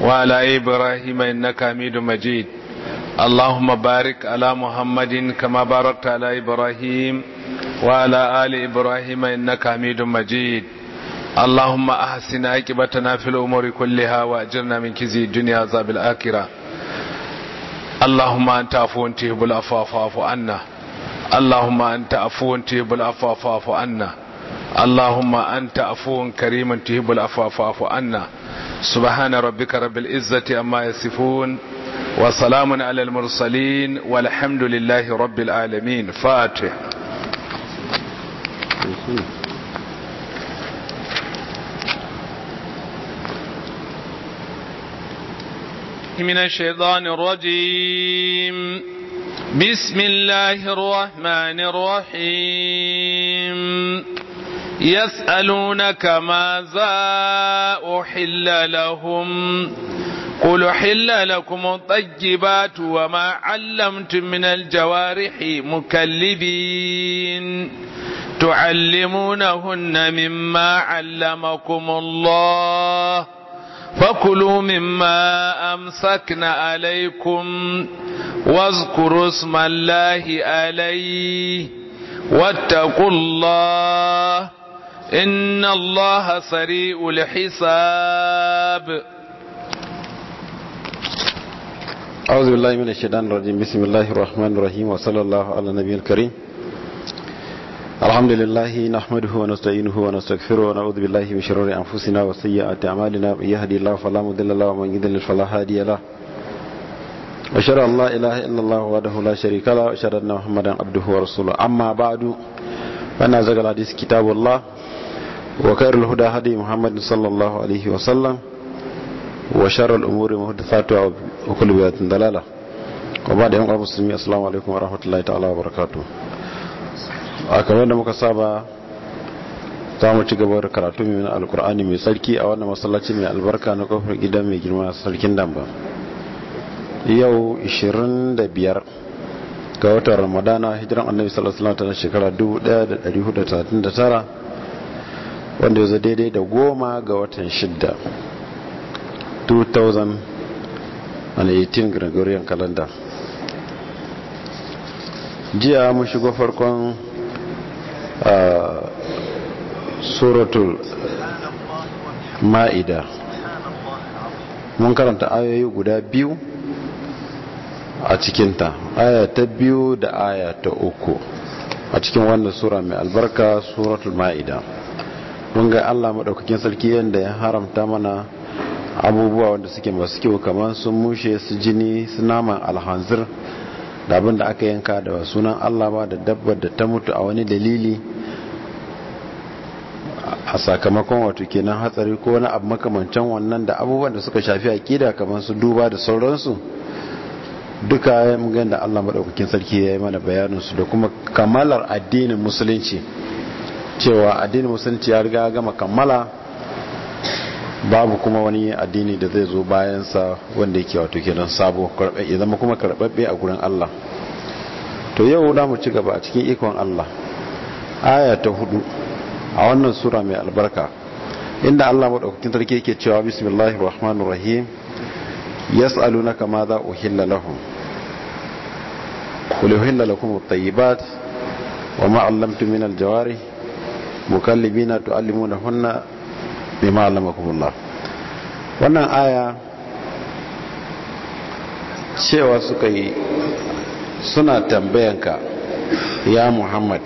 وعلى إبراهيم إنك حميد مجيد اللهم بارك على محمد كما باركت على إبراهيم وعلى آل إبراهيم إنك حميد مجيد اللهم أحسن عاقبتنا في الأمور كلها وأجرنا من كزي الدنيا عذاب الآخرة اللهم أنت عفو تهب العفو فاعف عنا اللهم أنت عفو تهب العفو فاعف عنا اللهم أنت عفو كريم تهب العفو فاعف عنا سبحان ربك رب العزة أما يصفون وسلام على المرسلين والحمد لله رب العالمين فاتح من الشيطان الرجيم بسم الله الرحمن الرحيم يسألونك ماذا أحل لهم قل حل لكم الطيبات وما علمتم من الجوارح مكلبين تعلمونهن مما علمكم الله فكلوا مما أمسكن عليكم واذكروا اسم الله عليه واتقوا الله إن الله سريع الحساب أعوذ بالله من الشيطان الرجيم بسم الله الرحمن الرحيم وصلى الله على النبي الكريم الحمد لله نحمده ونستعينه ونستغفره ونعوذ بالله من شرور أنفسنا وسيئات أعمالنا من يهدي الله فلا مضل له ومن يضلل فلا هادي له وأشهد أن لا إله إلا الله وحده لا شريك له وأشهد أن محمدا عبده ورسوله أما بعد فأنا زغل الحديث كتاب الله وخير الهدى هدي محمد صلى الله عليه وسلم وشر الأمور محدثاتها وكل بدعة ضلالة وبعد يوم المسلمين السلام عليكم ورحمة الله تعالى وبركاته kamar da muka saba ta mu ci gaba da karatu mai alkur'ani mai sarki a wannan masallaci mai albarka na kofar gida mai girma sarkin damba yau 25 ga watan ramadana hijiran annabi sallallahu alaihi wasallam ta shekara 1439 wanda ya zo daidai da goma ga watan shidda 2018 gregorian calendar jiya mun shigo farkon suratul ma'ida mun karanta ayoyi guda biyu a cikinta aya ta biyu da aya ta uku a cikin wannan sura mai albarka suratul ma'ida mun ga Allah maɗaukakin sarki yadda ya haramta mana abubuwa wanda suke masu kyau kamar sun mushe su jini su naman alhanzir da abin da aka yanka da sunan Allah ba da dabbar da ta mutu a wani dalili a sakamakon wato kenan hatsari ko wani abu makamancin wannan da abubuwan da suka shafi a akida kamar su duba da sauransu duka ya mugan da Allah maɗaukakin sarki ya yi mana bayanin su da kuma kamalar addinin musulunci cewa addinin musulunci ya riga gama kammala babu kuma wani addini da zai zo bayansa wanda yake wato kenan sabo ya zama kuma karɓaɓɓe a gurin Allah to yau da mu ci gaba a cikin ikon Allah aya ta hudu a wannan sura mai albarka inda Allah maɗaukakin sarki yake cewa bismillahir rahmanir rahim yas'alunaka ma za uhilla lahum qul uhilla lakum at-tayyibat wa ma 'allamtum min al-jawarih mukallibina hunna bima 'allamakumullah wannan aya cewa suka yi suna tambayanka ya Muhammad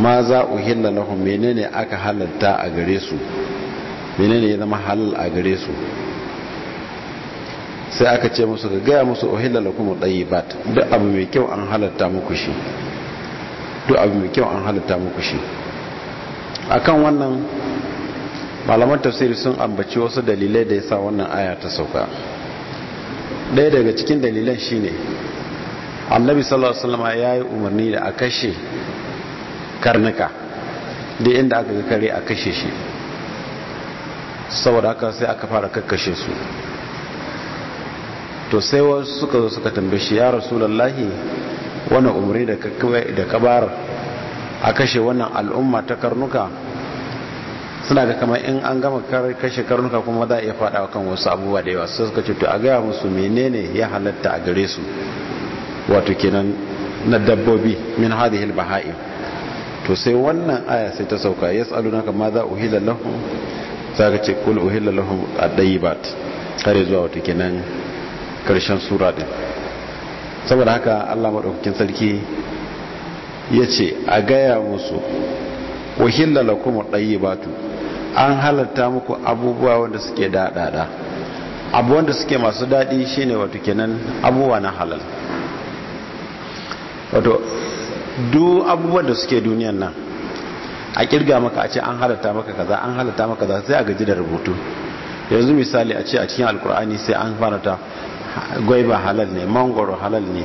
ma za na lahum menene aka halalta a gare su menene ya zama halal a gare su sai aka ce musu ga gaya musu ohila da kuma ɗayi ba duk abu mai kyau an halatta muku shi duk abu mai kyau an halatta muku shi akan wannan malaman tafsiri sun ambaci wasu dalilai da ya sa wannan aya ta sauka ɗaya daga cikin dalilan shine annabi sallallahu alaihi wasallam ya yi umarni da a kashe karnuka da inda aka ga kare a kashe shi saboda haka sai aka fara kakkashe su to sai wasu suka zo suka tambaye shi ya rasulullahi wannan umarni da kabar a kashe wannan al'umma ta karnuka suna da kama in an gama kashe karnuka kuma za a iya faɗa kan wasu abubuwa da yawa su suka ce to a gaya musu menene ya halatta a gare su wato kenan na dabbobi min hadhihi al-baha'im to sai wannan aya sai ta sauka yas'alunaka ma za uhilla lahum zaka ce kul uhilla lahum at-tayyibat kare zuwa wato kenan karshen sura din saboda haka Allah madaukakin sarki ya ce a gaya musu wahilla ba tu an halatta muku abubuwa wanda suke daɗaɗa abu wanda suke masu daɗi shine wato kenan abubuwa na halal wato du abubuwan da suke duniyan nan a kirga maka a ce an halatta maka kaza an halatta maka kaza sai a gaji da rubutu yanzu misali a ce a cikin alkur'ani sai an fara ta. gwaiba halal ne mangoro halal ne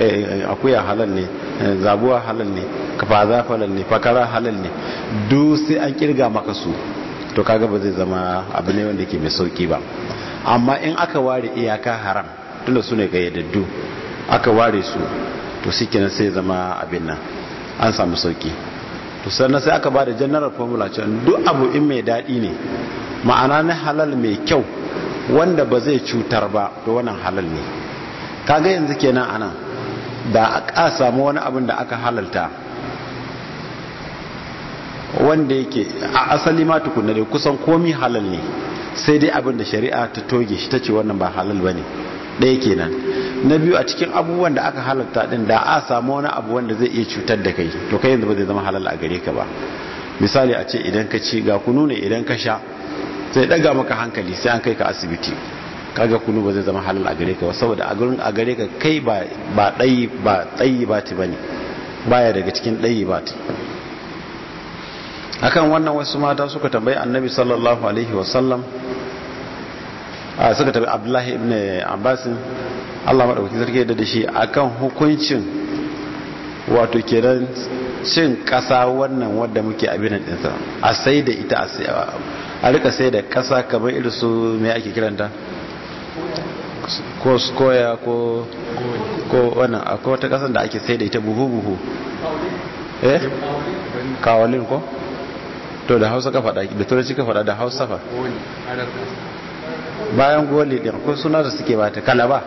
eh, akuya halal ne eh, zabuwa halal ne kafaza halal ne fakara halal ne duk sai an kirga maka su to kaga ba zai zama abu ne wanda ke mai sauki ba amma in aka ware iyaka haram tunda su ne kayyadaddu aka ware su to shi kenan sai zama abin nan an samu sauki to sannan sai aka ba da general formula can duk abu in mai daɗi ne ma'ana na halal mai kyau wanda ba zai cutar ba da wannan halal ne kaga yanzu kenan anan da aka samu wani abin da aka halalta wanda yake a asali ma tukunna dai kusan komi halal ne sai dai abin da shari'a ta toge shi tace wannan ba halal bane ne ɗaya kenan na biyu a cikin abubuwan da aka halalta ɗin da a samu wani abu wanda zai iya cutar da kai to kai yanzu ba zai zama halal a gare ka ba misali a ce idan ka ci ga kunu ne idan ka sha sai daga maka hankali sai an kai ka asibiti kaga kunu ba zai zama halal a gare ka ba saboda a gurin a gare ka kai ba ba dai ba tsayi ba ti bane baya daga cikin dai ba ti akan wannan wasu mata suka tambayi annabi sallallahu alaihi wa sallam. a suka tambayi abdullahi ibn abbas Allah madauki sarki da shi akan hukuncin wato kenan cin kasa wannan wanda muke abin din sa a sai da ita a sai. a rika sai da kasa kamar irin su mai ake kiranta ko skoya ko wannan akwai wata kasan da ake sai da ita buhu-buhu eh kawalin ko to da hausa ka faɗa da turanci ka faɗa da hausa fa bayan goli ɗin ko suna da suke ba ta kalaba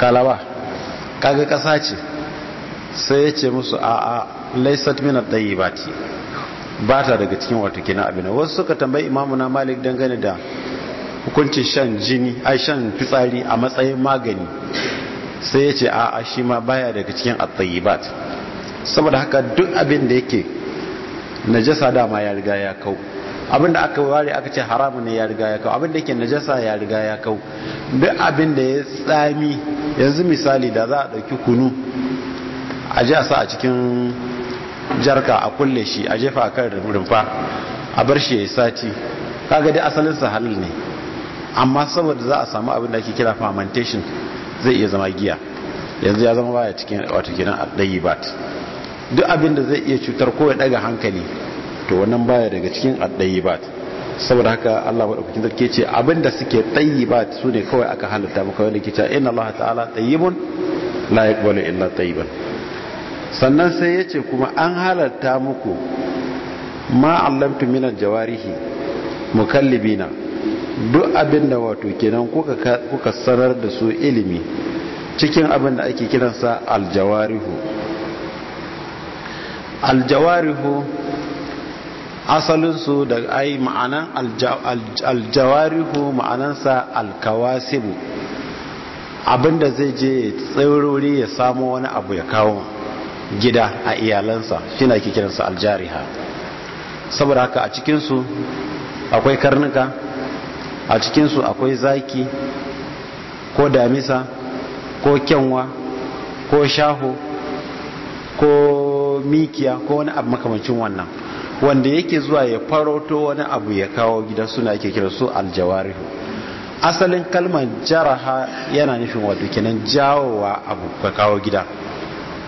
kalaba kaga kasa ce sai ya ce musu a'a laisat min ba ce ba ta daga cikin wato na abin wasu suka tambayi imamu na malik dangane da hukuncin shan jini a shan fitsari a matsayin magani sai ya ce a a shi ma baya daga cikin at-tayyibat saboda haka duk abin da yake najasa dama ya riga ya kau abin da aka ware aka ce haramun ne ya riga ya kau abin da yake najasa ya riga ya kau duk abin da ya tsami yanzu misali da za a ɗauki kunu a ji a sa a cikin jarka a kulle shi a jefa a kan rumfa a bar shi ya yi sati kaga dai asalin sa halal ne amma saboda za a samu abin da ake kira fermentation zai iya zama giya yanzu ya zama baya cikin wato kenan at duk abin da zai iya cutar ko ya daga hankali to wannan baya daga cikin at ba saboda haka Allah dauki zarke ce abin da suke tayyibat su ne kawai aka halatta maka wanda ke cewa inna Allah ta'ala tayyibun la yaqbalu illa tayyiban sannan sai ya ce kuma an halatta muku ma'allamtu minar jawarihi mukallibina duk abin da wato kenan kuka sanar da su ilimi cikin abin da ake kiransa aljawarihu aljawarihu asalinsu da ai ma'anan aljawarihu ma'anansa alkawasibu abinda zai je tsaurori ya samo wani abu ya kawo gida a iyalansa na ke kiransa aljariha saboda haka a cikinsu akwai karnuka a cikinsu akwai zaki ko damisa ko kyanwa ko shaho ko mikiya ko wani abu makamancin wannan wanda yake zuwa ya faroto wani abu ya kawo gida suna yake kira aljawarihu asalin kalmar jaraha yana nufin wato kenan jawowa abu ka kawo gida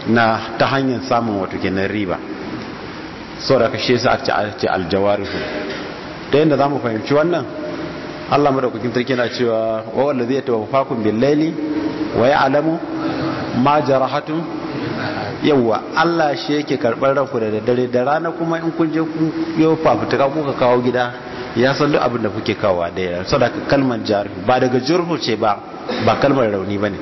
na ta hanyar samun wato kenan riba saboda ka shi a ci ce su ta yadda za mu fahimci wannan Allah kukin sarki na cewa wa zai yatawaffakum bil billali wa alamu ma jarahatu wa Allah shi yake karɓar ranku da daddare da rana kuma in kun je kun yi fafutuka kuka kawo gida ya san duk abin da kuke kawo da sau da kalmar jarh ba daga jurhu ce ba ba kalmar rauni ba ne.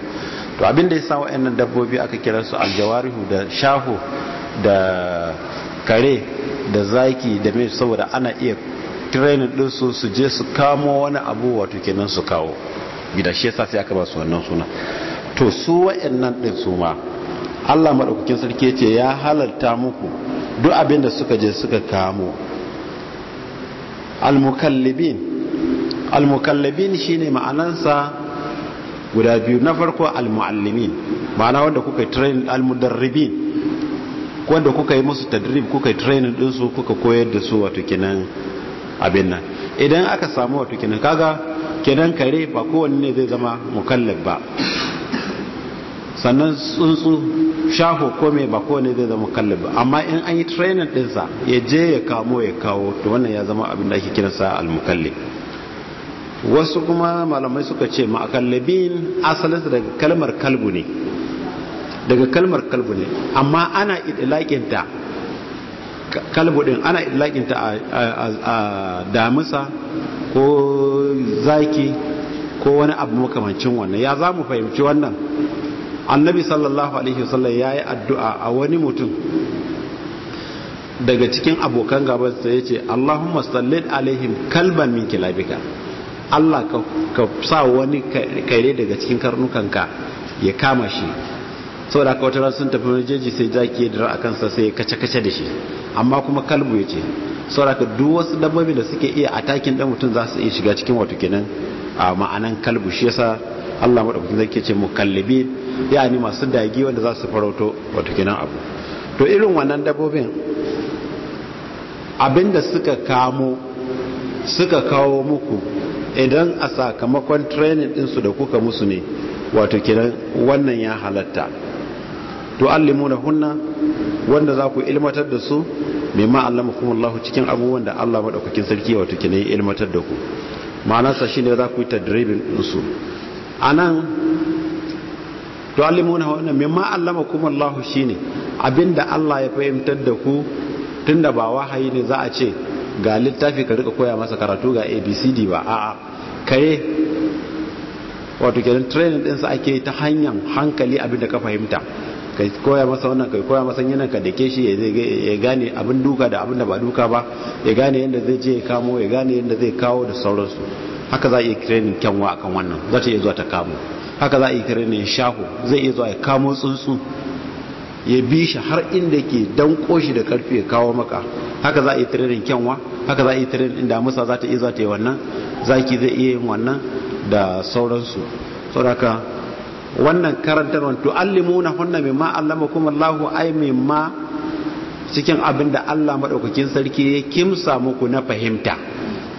to abin da ya sa wa'annan dabbobi aka kira su aljawarihu da shahu da kare da zaki da mai saboda ana iya training din su su je su kamo wani abu wato kenan su kawo gida shi yasa sai aka ba su wannan suna to su wa'annan din su ma Allah madaukakin sarki yace ya halalta muku duk abinda suka je suka kamo almukallibin almukallabin shine ma'anansa guda biyu na farko almuallimin ma'ana wanda kuka train almudarribin wanda kuka yi musu tadrib kuka training din su kuka koyar da su wato kenan abin nan idan aka samu wato kenan kaga kenan kare ba kowanne ne zai zama mukallaf ba sannan tsuntsu shaho kome ba kowanne zai zama mukallaf ba amma in an yi training dinsa ya je ya kamo ya kawo to wannan ya zama abin da ake kiransa al-mukallib wasu kuma malamai suka ce ma'akallabin asalinsa daga kalmar kalbu ne daga kalmar kalbu ne amma ana idlaƙinta kalbu din ana idlaƙinta a damisa ko zaki ko wani abu makamancin wannan ya za mu fahimci wannan annabi sallallahu alaihi wasallam ya yi addu'a a wani mutum daga cikin abokan gabansa ya ce allahun masallin alaihim kalban min kilabika Allah ka sa wani kare daga cikin karnukan ka ya kama shi da haka wata sun tafi wani jeji sai zaki da dira a kansa sai ya kace-kace da shi amma kuma kalbu ya ce saboda haka duk wasu dabbobi da suke iya a takin dan mutum za su iya shiga cikin wato kenan a ma'anan kalbu shi yasa Allah madaukakin zai ke ce mukallabi yani masu dagi wanda za su farauto wato kenan abu to irin wannan dabbobin abinda suka kamo suka kawo muku idan a sakamakon training dinsu da kuka musu ne wato kenan wannan ya halatta To na hunna wanda za ku ilmatar da su mimma Allah cikin abubuwan da Allah maɗaukakin sarki wato kenan ya ilmatar da ku ma'ana sa ne za ku yi tadribin ɗinsu anan tu'allimuna hunna mimma allamakumullahu shine abinda Allah ya fahimtar da ku tunda ba wahayi ne za a ce ga littafi ka rika koya masa karatu ga abcd ba a'a kare wato kenan training ɗinsa ake ta hanyar hankali abin da ka fahimta ka koya masa wannan kai koya masa yanan ka dake shi ya gane abin duka da abin da ba duka ba ya gane yadda zai je ya kamo ya gane yadda zai kawo da sauransu haka za a iya training kyanwa akan wannan za ta iya zuwa ta kamo haka za a iya training shaho zai iya zuwa ya kamo tsuntsu ya bi shi har inda ke danko shi da karfi ya kawo maka haka za a yi training kyanwa haka za a yi tirin inda musa za ta iya za ta yi wannan zaki zai iya yin wannan da sauransu sauraka wannan karantarwa na hunna mimma kuma Allahu ay ma cikin abin da Allah maɗaukakin sarki ya kimsa muku na fahimta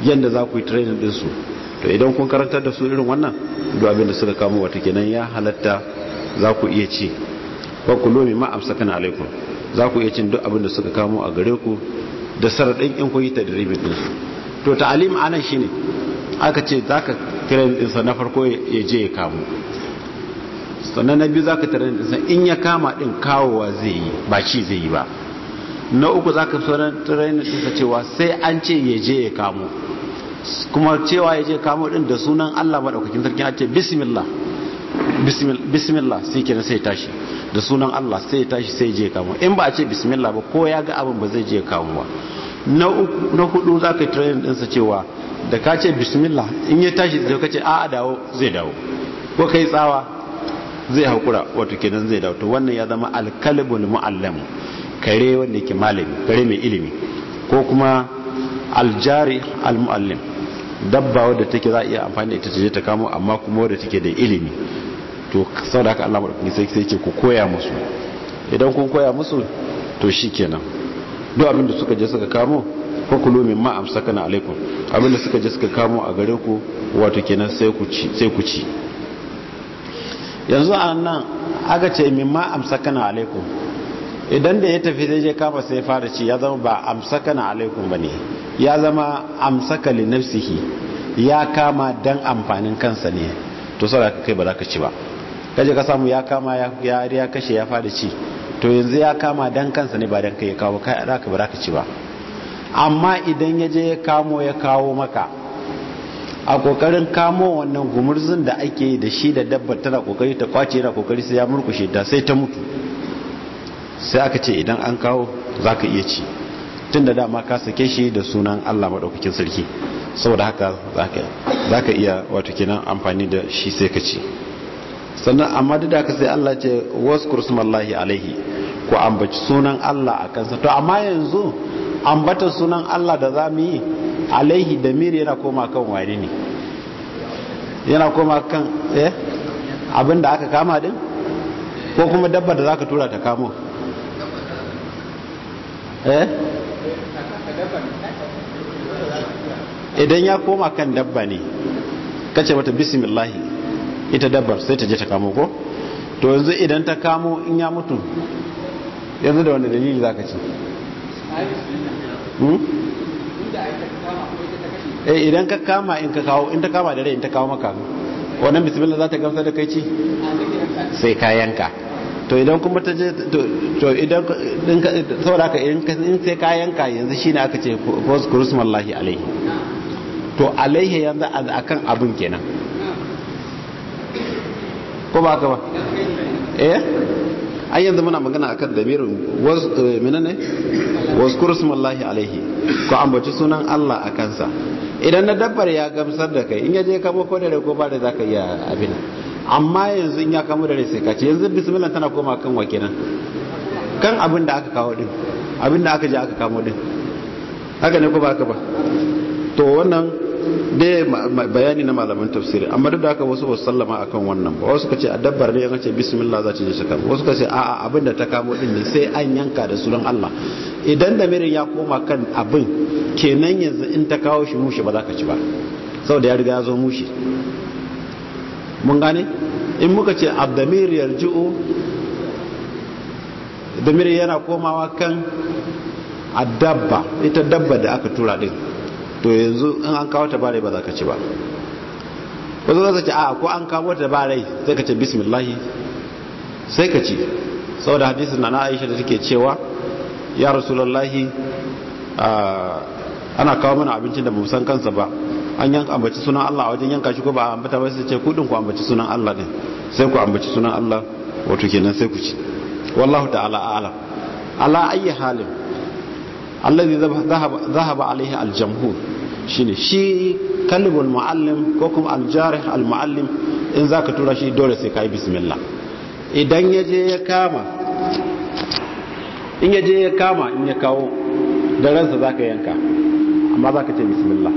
yadda za ku yi training din su to idan kun karantar da su irin wannan duk abin da suka kamo wata kenan ya halatta za ku iya ci wa ma amsa amsakana alaikum za ku iya cin duk abin da suka kamo a gare ku da sararin in kun yi tadribin ɗinsu to ta'alim anan ne aka ce za ka tirin ɗinsa na farko ya je ya kamo sannan na biyu za ka tirin ɗinsa in ya kama ɗin kawowa zai yi ba ci zai yi ba na uku za ka tirin ɗinsa cewa sai an ce ya je ya kamo kuma cewa ya je ya kamo ɗin da sunan allah maɗaukakin sarki a ce bismillah bismillah sai kenan sai tashi da sunan Allah sai tashi sai je kawo in ba a ce bismillah ba ko ya ga abin ba zai je kamo ba na uku na hudu zaka train din sa cewa da ka ce bismillah in ya tashi da ka ce a dawo zai dawo ko kai tsawa zai hakura wato kenan zai dawo to wannan ya zama alkalbul muallam kare wanda yake malami kare mai ilimi ko kuma aljari muallim dabba wadda take za a iya amfani da ita ta je ta kamo amma kuma wadda take da ilimi to da haka Allah madaukakin sai yake ku koya musu idan kun koya musu to shi shikenan duk abin da suka je suka kamo ko kulu min ma amsakana alaikum abin da suka je suka kamo a gare ku wato kenan sai ku ci sai ku ci yanzu a nan aka ce min ma amsakana alaikum idan da ya tafi zai je kama sai fara ci ya zama ba alaikun alaikum ne ya zama amsaka li nafsihi ya kama dan amfanin kansa ne to da ka kai ba za ka ci ba kaje ka samu ya kama ya ya kashe ya fada ci to yanzu ya kama dan kansa ne ba dan kai ya kawo kai za ka ba ka ci ba amma idan ya je ya kamo ya kawo maka a kokarin kamo wannan gumurzun da ake yi da shi da dabba tana kokari ta kwace yana kokari sai ya murkushe ta sai ta mutu sai aka ce idan an kawo za ka iya ci tun da dama ka sake shi da sunan allah maɗaukakin sarki saboda haka za ka iya wato kenan amfani da shi sai ka ci sannan amma duk da sai Allah ce waskur smallahi alaihi ko ambaci sunan Allah a kansa to amma yanzu ambatan sunan Allah da za mu yi alaihi da miri yana koma kan wani ne yana koma kan eh abin da aka kama din ko kuma dabba da za ka tura ta kamo eh idan ya koma kan dabba ne kace mata bismillahi ita dabbar sai ta je ta kamo ko to yanzu idan ta kamo in ya mutu yanzu da wanda dalili za ka ci hmm? eh idan ka kama in ka kawo in ta kama da rai in ta kawo maka wannan bismillah za ta gamsar da kai ci sai ka yanka to idan kuma ta je to idan saboda haka in sai ka yanka yanzu shine aka ce first christmas lahi alaihi to alaihi yanzu akan abin kenan ko ba ka ba eh ai yanzu muna magana akan damirin was eh, menene was kursmallahi alaihi ko ambaci sunan Allah a kansa idan na dabbar ya gamsar da kai in ya je kamo ko da ko ba da zaka iya abin amma yanzu in ya kamo da sai ka ce yanzu bismillah tana koma kan wa kenan kan abin da aka kawo din abin da aka je aka kamo din haka ne ko ba ka ba to wannan dai bayani na malaman tafsiri amma duk da aka wasu ba sallama akan wannan ba wasu kace a ne an ce bismillah za ta je shaka wasu kace a'a abin da ta kamo din ne sai an yanka da sunan Allah idan da mirin ya koma kan abin kenan yanzu in ta kawo shi mushi ba za ka ci ba saboda ya riga ya zo mushi mun gane in muka ce abdamir yarji'u mirin yana komawa kan adabba ita dabba da aka tura din to yanzu in an kawo tabarai ba za ka ci ba wasu za ka ci a ko an kawo tabarai sai ka ce bismillahi sai ka ci saboda hadisi na na aisha da suke cewa ya rasulallahi ana kawo mana abincin da san kansa ba an yanka ambaci sunan Allah a wajen yanka shi ko ba ambata ba sai ce kudin ku ambaci sunan Allah ne sai ku ambaci sunan Allah wato kenan sai ku ci wallahu ta'ala a'lam ala ayyi halin alladhi dhahaba alaihi aljamhur shine shi kalimul muallim ko kuma aljarih almuallim in zaka tura shi dole sai kai bismillah idan yaje ya kama in yaje ya kama in ya kawo da ransa zaka yanka amma zaka ce bismillah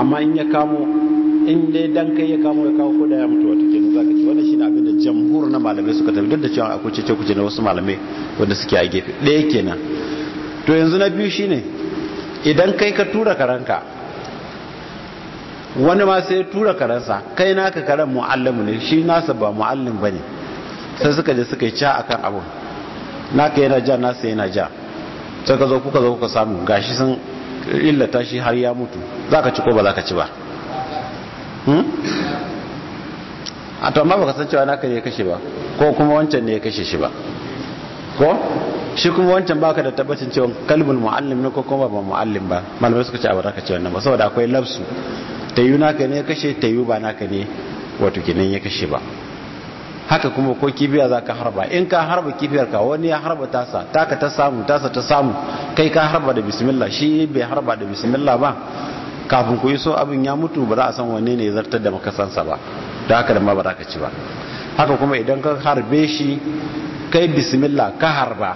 amma in ya kamo in dai dan kai ya kamo ya kawo ko da ya mutu wata kenan zaka ce wannan shine abin da jamhur na malamai suka tafi duk da cewa akwai cece kuce na wasu malamai wanda suke a gefe ɗaya kenan to yanzu na biyu shine idan kai ka tura karanka wani ma sai tura karansa kai naka karan mu'allimu ne shi nasa ba ba ne sai suka je suka yi ca abu na naka yana ja nasa yana ja sai ka zo kuka zo kuka samu gashi sun illata shi har ya mutu za ka ci ko ba za ka ci ba hmm? a to amma baka san cewa naka ne ya kashe ba ko kuma wancan ne ya kashe shi ba ko shi kuma wancan baka da tabbacin cewa kalbul muallim ne ko kuma ba muallim ba malamai suka ce a baraka ce wannan ba saboda akwai labsu tayu naka ne kashe tayu ba naka ne wato kenan ya kashe ba haka kuma ko kifiya za ka harba in ka harba kibiyar ka wani ya harba tasa taka ta samu tasa ta samu kai ka harba da bismillah shi bai harba da bismillah ba kafin ku yi so abin ya mutu ba za a san wanne ne zartar da makasansa ba da haka da ma ba za ka ci ba haka kuma idan ka harbe shi kai bismillah ka harba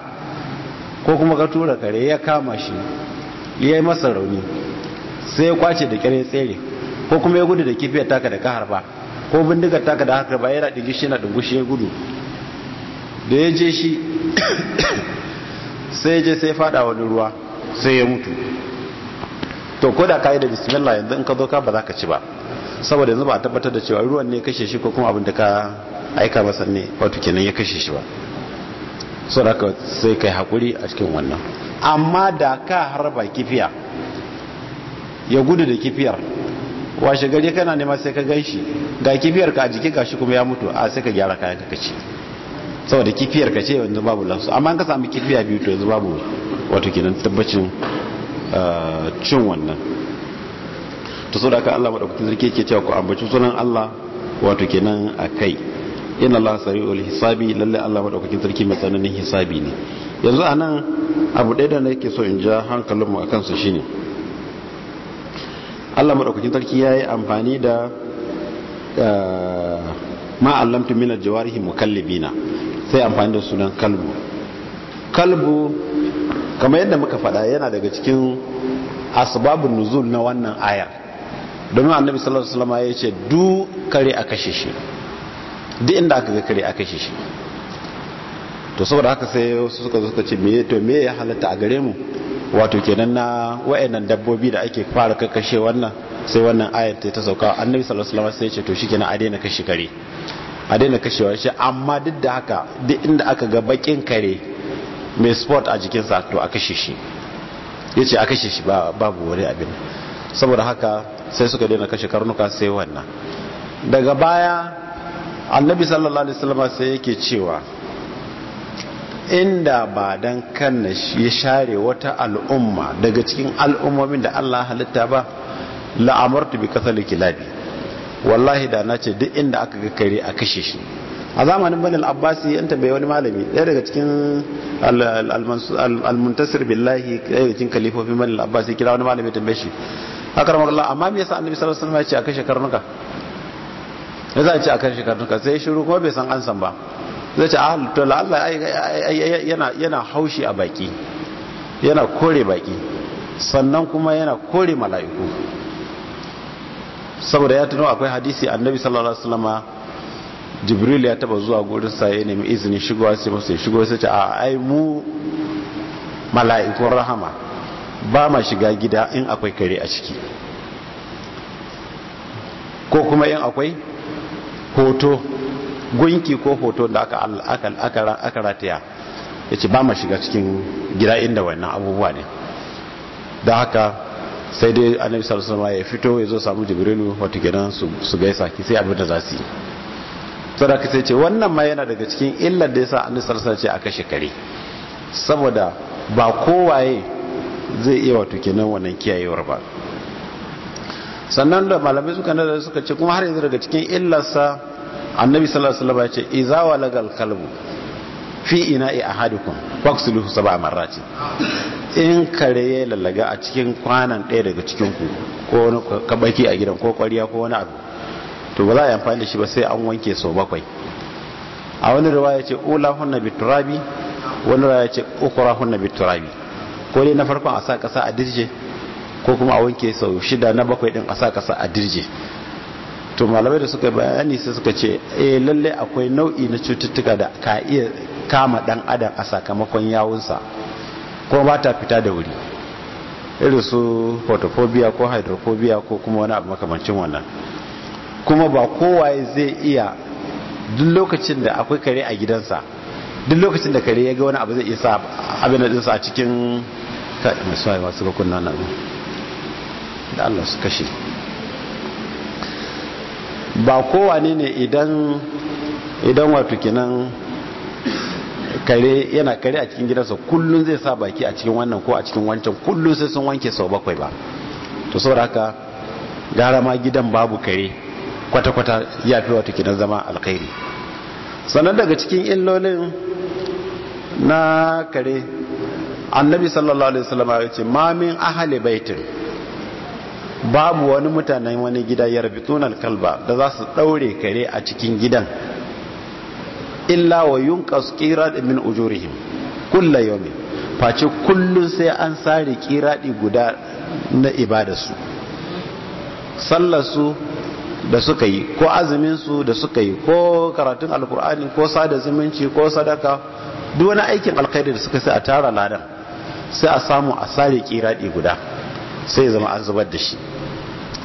ko kuma ka tura kare ya kama shi ya yi masa rauni sai ya kwace da kyanin tsere ko kuma ya gudu da kifiyar taka da kahar ba ko bindigar taka da haka ba yana dingishi yana dingushi ya gudu da ya je shi sai ya je sai fada wani ruwa sai ya mutu to ko da ka yi da bismillah yanzu in ka zo ka ba za ka ci ba saboda yanzu ba a tabbatar da cewa ruwan ne ya kashe shi ko kuma abin da ka aika masa ne wato kenan ya kashe shi ba saboda sai kai hakuri a cikin wannan amma da ka harba kifiya ya gudu da kifiyar washe gari kana nema sai ka shi ga kifiyar ka a jiki shi kuma ya mutu a sai ka gyara kayan ka kace saboda kifiyar ka ce yanzu babu lansu amma ka samu kifiya biyu to yanzu babu wato kenan tabbacin eh, cin wannan to saboda ka Allah madaukakin sarki yake cewa ku ambaci sunan Allah wato kenan akai in Allah sari'ul hisabi lalle Allah madaukakin sarki mai tsananin hisabi ne yanzu anan abu ɗaya da nake so in ja hankalin mu akan su shine Allah madaukakin sarki yayi amfani da eh, ma allamtu min aljawarihi mukallibina sai amfani da sunan kalbu kalbu kamar yadda muka faɗa yana daga cikin asbabun nuzul na wannan aya domin annabi sallallahu alaihi wasallam ya ce du kare a kashe shi duk inda aka ga kare aka shi shi to saboda haka sai wasu suka zo suka ce me to me ya halatta a gare mu wato kenan na wayannan dabbobi da ake fara kakkashe wannan sai wannan ayat ta sauka annabi sallallahu alaihi wasallam sai ya ce to shikenan a daina kashe kare a daina kashewa shi amma duk da haka duk inda aka ga bakin kare mai sport a jikinsa to a kashe shi ya ce a kashe shi babu wani abin saboda haka sai suka daina kashe karnuka sai wannan daga baya annabi sallallahu alaihi wasallam sai yake cewa inda ba dan kanna ya share wata al'umma daga cikin al'ummomin da Allah halitta ba la'amartu bi kasali kilabi wallahi da na ce duk inda aka ga kare a kashe shi a zamanin banil abbasi yan tambaye wani malami ɗaya daga cikin almuntasir billahi ɗaya daga cikin kalifofin banil abbasi kira wani malami tambaye shi akramar Allah amma me yasa annabi sallallahu alaihi wasallam ya ce a kashe karnuka ya za a ci a kan shekarunka sai shiru kuma bai san ansan ba zai ce ahal to yana haushi a baki yana kore baki sannan kuma yana kore mala'iku saboda ya tuno akwai hadisi annabi sallallahu alaihi wasallam jibril ya taba zuwa gurin sa ya nemi izinin shigowa sai masu shigo sai ce a ah, ai mu mala'ikun rahama ba ma shiga gida in akwai kare a ciki ko kuma in akwai hoto gunki ko hoto da aka rataya ya ce ba ma shiga cikin gida inda wannan abubuwa ne da haka sai dai annabi sallallahu ya fito ya zo samu jibrilu wata gidan su gaisa ki sai abin da za su yi sadaka sai ce wannan ma yana daga cikin illar da yasa annabi sallallahu alaihi ce a kashe kare saboda ba kowaye zai iya wato kenan wannan kiyayewar ba sannan da malamai suka nada suka ce kuma har yanzu daga cikin illarsa annabi sallallahu alaihi wasallam ya ce iza walagal kalbu fi ina'i ahadikum faksuluhu sab'a marratin in kare ya lallaga a cikin kwanan ɗaya daga cikin ku ko wani kabaki a gidan ko kwariya ko wani abu to ba za a yi amfani da shi ba sai an wanke sau bakwai a wani riwaya ce ula hunna turabi wani riwaya ce ukura hunna turabi ko dai na farkon a sa kasa a dirje ko kuma a wanke sau shida na bakwai din a sa kasa a dirje to malamai da suka bayani sai suka ce eh lalle akwai nau'i na cututtuka da ka iya kama dan adam a sakamakon yawunsa kuma ba ta fita da wuri irin su photophobia ko hydrophobia ko kuma wani abu makamancin wannan kuma ba kowaye zai iya duk lokacin da akwai kare a gidansa duk lokacin da kare ya ga wani abu zai iya sa abin da dinsa a cikin kai mai suwaye masu ga kunna nan da Allah su kashe ba kowane ne idan idan wato kenan kare yana kare a cikin gidansa kullum zai sa baki a cikin wannan ko a cikin wancan kullum sai sun wanke sau bakwai ba to saboda haka gara ma gidan babu kare kwata-kwata ya fi wato kenan zama alkhairi sannan daga cikin illolin na kare annabi sallallahu alaihi wasallam ya ce mamin ahali ahli baitin babu wani mutanen wani gida ya tunan kalba da za su daure kare a cikin gidan illa wa yunqas da min ujurihim yau ne face kullum sai an sare kiradi guda na ibadarsu sallarsu da suka yi ko azuminsu da suka yi ko karatun alkur'ani ko sada zumunci ko sadaka duk wani aikin alkhairi da suka sai a tara ladan sai a samu a sare kiradi guda sai zama an zubar da shi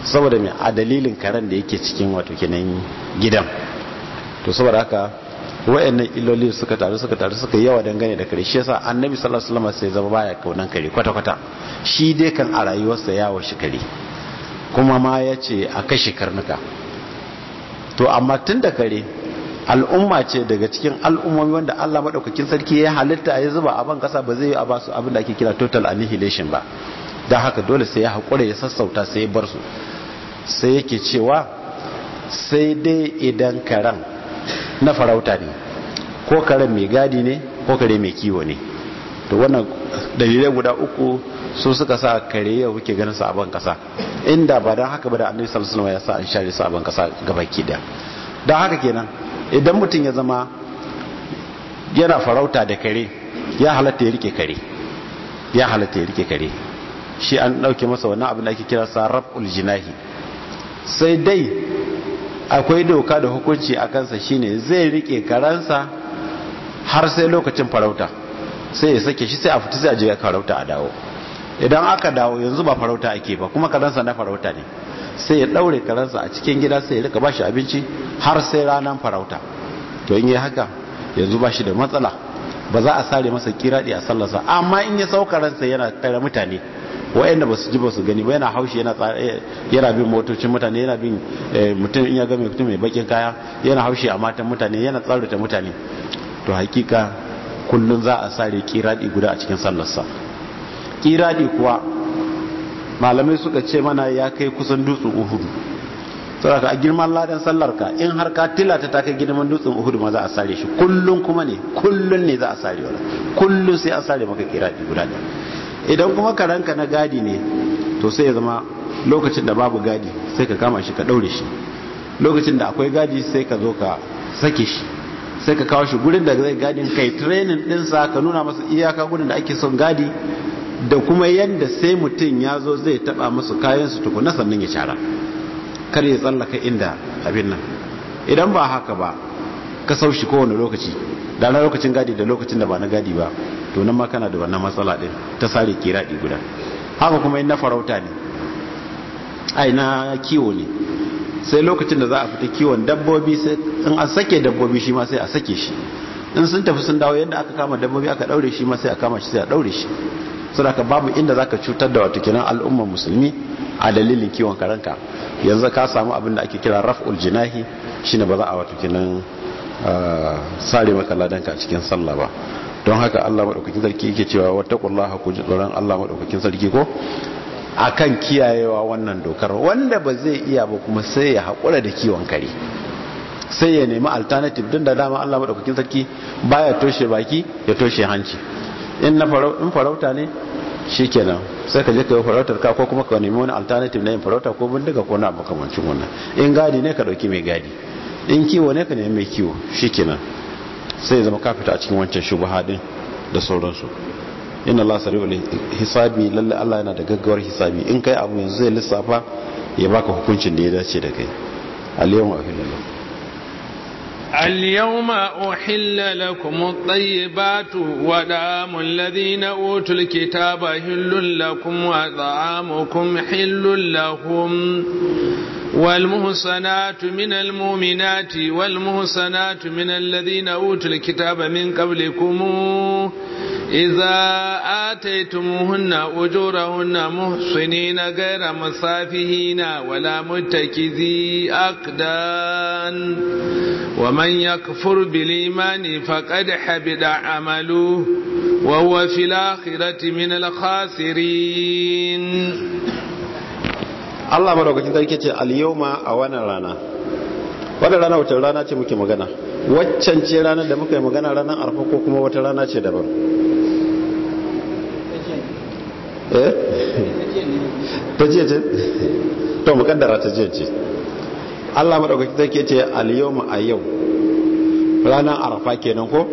saboda mai a dalilin karen da yake cikin wato kenan gidan to saboda haka wayannan illolin suka taru suka taru suka yawa dangane da kare shi yasa annabi sallallahu alaihi wasallam sai zama baya kaunan kare kwata kwata shi dai kan a rayuwarsa ya shi kare kuma ma ya ce a kashe karnuka to amma tun da kare al'umma ce daga cikin al'ummomi wanda Allah madaukakin sarki ya halitta ya zuba a ban kasa ba zai yi a basu abin da ake kira total annihilation ba don haka dole sai ya haƙura ya sassauta sai ya bar su sai yake cewa sai dai idan karen na farauta ne ko karen mai gadi ne ko kare mai kiwo ne to wannan dalilai guda uku su suka sa kare yau kuke ganin sabon kasa inda ba don haka ba da annabi sallallahu ya sa an share sabon kasa baki da don haka kenan idan mutum ya zama yana farauta da kare ya halatta kare ya halatta ya rike kare shi an dauke masa wannan abin da ake kira sa uljinahi sai dai akwai doka da hukunci a kansa shine zai rike karansa har sai lokacin farauta sai ya sake shi sai a fita sai a je farauta a dawo idan aka dawo yanzu ba farauta ake ba kuma karansa na farauta ne sai ya daure karansa a cikin gida sai ya rika bashi abinci har sai ranar farauta to in yi haka yanzu bashi da matsala ba za a sare masa kiradi a sallarsa amma in ya sau karansa yana tare mutane wayanda su ji ba su gani ba yana haushi yana yana bin motocin mutane yana bin eh, mutum in ya ga mutum mai bakin kaya yana haushi a matan mutane yana tsarata mutane to hakika kullun za a sare kiradi guda a cikin sallarsa kiradi kuwa malamai suka ce mana ya kai kusan dutsen uhudu saboda a girman ladan sallarka in har ka tilata ta kai girman dutsen uhudu ma za a sare shi kullun kuma ne kullun ne za a sare wala kullun sai a sare maka kiradi guda ɗaya idan kuma karanka na gadi ne to sai ya zama lokacin da babu gadi sai ka kama shi ka daure shi lokacin da akwai gadi sai ka zo ka sake shi sai ka kawo shi gurin da zai gadin kai training dinsa ka nuna masa iyaka gurin da ake son gadi da kuma yadda sai mutum ya zo zai taba masu kayansu su tukuna sannan ya cara kar ya tsallaka inda abin nan idan ba haka ba ka sau shi kowane lokaci da na lokacin gadi da lokacin da ba na gadi ba to nan ma kana da wannan matsala din ta sare kiradi guda haka kuma in na farauta ne ai na kiwo ne sai lokacin da za a fita kiwon dabbobi sai in a sake dabbobi shi ma sai a sake shi in sun tafi sun dawo yadda aka kama dabbobi aka daure shi ma sai a kama shi sai a daure shi saboda babu inda zaka cutar da wato kenan al'ummar musulmi a dalilin kiwon karanka yanzu ka samu abin da ake kira raf'ul jinahi shine ba za a wato kenan sare maka ladanka a cikin sallah ba don haka Allah madaukakin sarki yake cewa wattaqullaha ku ji Allah madaukakin sarki ko akan kiyayewa wannan dokar wanda ba zai iya ba kuma sai ya haƙura da kiwon kare sai ya nemi alternative din da dama Allah madaukakin sarki baya toshe baki ya toshe hanci in na farauta ne shikenan sai ka je ka yi farautar ka ko kuma ka nemi wani alternative na yin farauta ko bindiga ko na makamancin wannan in gadi ne ka dauki mai gadi in kiwo ne ka nemi mai kiwo shi kenan sai zama ka fita a cikin wancan shubu haɗin da sauransu inna Allah wani hisabi lalle Allah yana da gaggawar hisabi in kai abu yanzu zai lissafa ya baka hukuncin da ya dace da kai al wa ahilallahu اليوم أحل لكم الطيبات ودعام الذين أوتوا الكتاب حل لكم وطعامكم حل لهم والمحصنات من المؤمنات والمحصنات من الذين أوتوا الكتاب من قبلكم إذا آتيتموهن أجورهن محصنين غير مصافحين ولا متكذي أقدان ومن يكفر بالإيمان فقد حبد عمله وهو في الآخرة من الخاسرين Allah madaukakin sarki ce al-yawma a wannan rana wannan rana wata rana ce muke magana waccan ce ranar da muka yi magana ranar arfa ko kuma wata rana ce daban ta jiya ce eh? to mukaddara ta jiya ce Allah madaukakin sarki ce al-yawma a yau ranar arfa kenan ko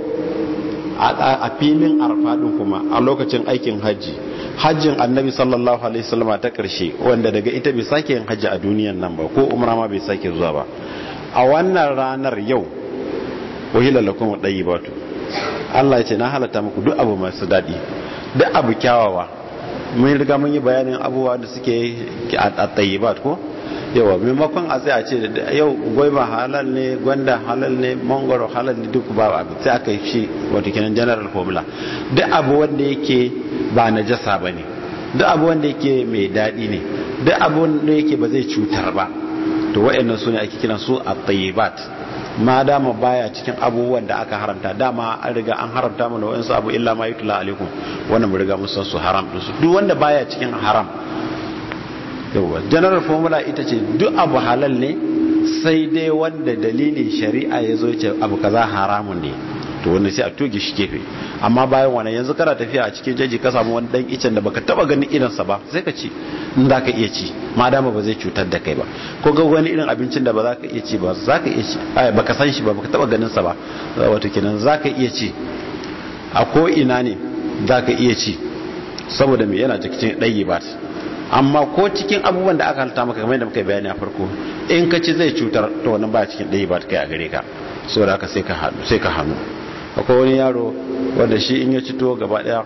a filin arfa din kuma a lokacin aikin hajji hajjin annabi sallallahu alaihi wasallama ta karshe wanda daga ita bai sake yin hajji a duniyan nan ba ko umra ma bai sake zuwa ba a wannan ranar yau wahila lakum dayyibatu Allah ya ce na halatta muku duk abu masu daɗi duk abu kyawawa mun riga mun yi bayanin abubuwa da suke a tayyibat ko yawa maimakon a tsaye a ce yau gwaiba halal ne gwanda halal ne mangoro halal ne duk ba abu sai aka yi shi wato kenan general formula duk abu wanda yake ba na jasa ba ne duk abu wanda yake mai daɗi ne duk abu wanda yake ba zai cutar ba to wa'annan su ne ake kiran su a tayyibat ma dama baya cikin abubuwan da aka haramta dama an riga an haramta mana wa'ansu abu illa ma yutla alaikum wannan mu riga mun san su haram din su duk wanda baya cikin haram yawa general formula ita ce duk abu halal ne sai dai wanda dalilin shari'a ya zo ce abu kaza haramun ne to wannan sai a toge shi kefe amma bayan wannan yanzu kana tafiya a cikin jaji ka samu wani dan icen da baka taba ganin irin sa ba sai ka ci in za ka iya ci ma dama ba zai cutar da kai ba ko ga wani irin abincin da ba za ka iya ci ba za ka iya ci ai baka san shi ba baka taba ganin sa ba wato kenan za ka iya ci a ko ina ne za ka iya ci saboda me yana cikin ɗayi ba amma ko cikin abubuwan da aka halta maka kamar yadda muka bayani a farko in ka ci zai cutar to wannan ba cikin ɗaya ba ta kai a gare ka so da haka sai ka hannu sai ka akwai wani yaro wanda shi in ya ci to gaba daya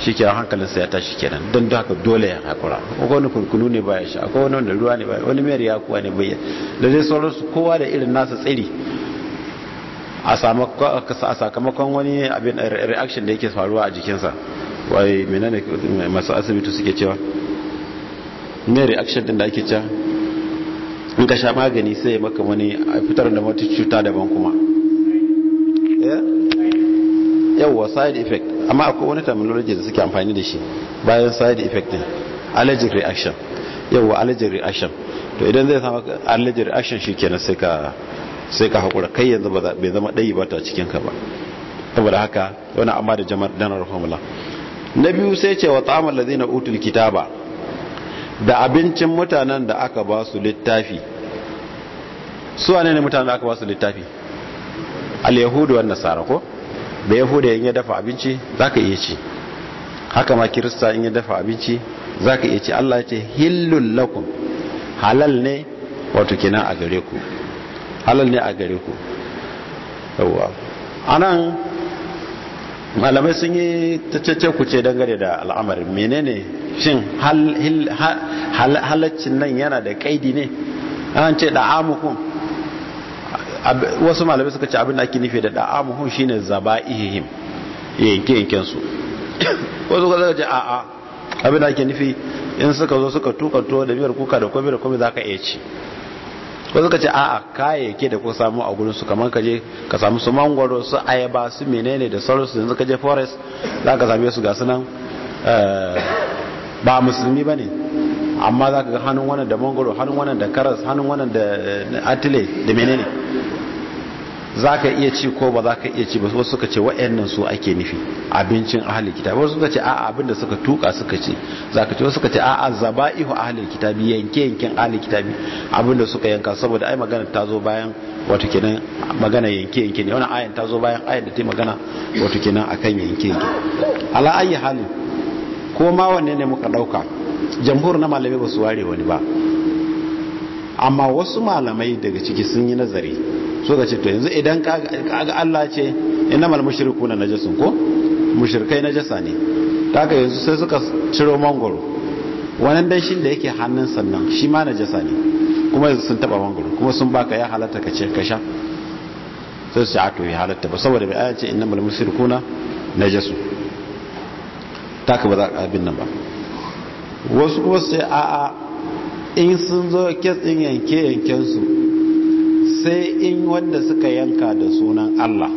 shi kenan hankalinsa ya tashi kenan don da haka dole ya hakura akwai wani kurkunu ne baya sha akwai wani wanda ruwa ne baya wani mayar kuwa ne baya da zai dai su kowa da irin nasa tsiri a sakamakon wani abin reaction da yake faruwa a jikinsa wai menene masu asibiti suke cewa mai reaction din da ake ca in ka sha magani sai maka wani a fitar da wata cuta daban kuma eh? yawwa side effect amma akwai wani terminology da suke amfani da shi bayan side effect din allergic reaction yawwa allergic reaction to idan zai samu allergic reaction shi kenan sai ka sai ka haƙura kai yanzu bai zama ɗayi ba ta cikinka ba saboda haka wani amma da jama'ar danar formula na biyu sai ce wa tsamar lazina utul kitaba da abincin mutanen da aka ba su littafi su wane ne mutanen da aka ba su littafi al-yahudu wan nasara ko da yahuda in ya dafa abinci zaka iya ci haka ma kirista in ya dafa abinci zaka iya ci Allah ya ce hillul lakum halal ne wato kina a gare ku halal ne a gare ku yawa anan malamai sun yi tacece kuce dangane da al'amarin menene shin halaccin nan yana da kaidi ne an ce da'amuhum wasu malamai suka ce abin da ake nufi da da'amuhum shine ihihim yanke yanken su wasu ka ce a'a abin da ake nufi in suka zo suka tuka da biyar kuka da komai da za ka iya ci wasu suka ce a'a kayayyake da kuka samu a gudunsu kamar ka je ka samu su mangoro su ayaba su menene da sauransu yanzu ka je forest za ka same su ga nan. Eh, ba musulmi ba ne amma za ka ga hannun wannan da mangoro hannun wannan da karas hannun wannan da atile da menene za ka iya ci ko ba za ka iya ci ba wasu suka ce wa'annan su ake nufi abincin ahalin kitabi wasu suka ce a'a abin da suka tuka suka ce za ka ce wasu suka ce a'a zaba'ihu ahalin kitabi yanke yanken ahalin kitabi abin da suka yanka saboda ai magana ta zo bayan wato kenan magana yanke yanke ne wannan ayin ta zo bayan ayin da ta magana wato kenan akan yanke yanke ala ayi halin ko ma wanne ne muka ɗauka jamhur na malamai ba su ware wani ba amma wasu malamai daga ciki sun yi nazari so ga ce to yanzu idan kaga Allah ce innamal mushrikuna najasun ko mushrikai najasa ne taka yanzu sai suka ciro mangoro wannan danshin da yake hannun sannan shi ma najasa ne kuma yanzu sun taba mangoro kuma sun baka ya halatta ka ce ka sha sai su ce a to ya halatta ba saboda bai aya ce innamal mushrikuna najasun taka ba za a abin nan ba wasu kuma sai a'a in sun zo kes ɗin yanke yankensu sai in wanda suka yanka da sunan Allah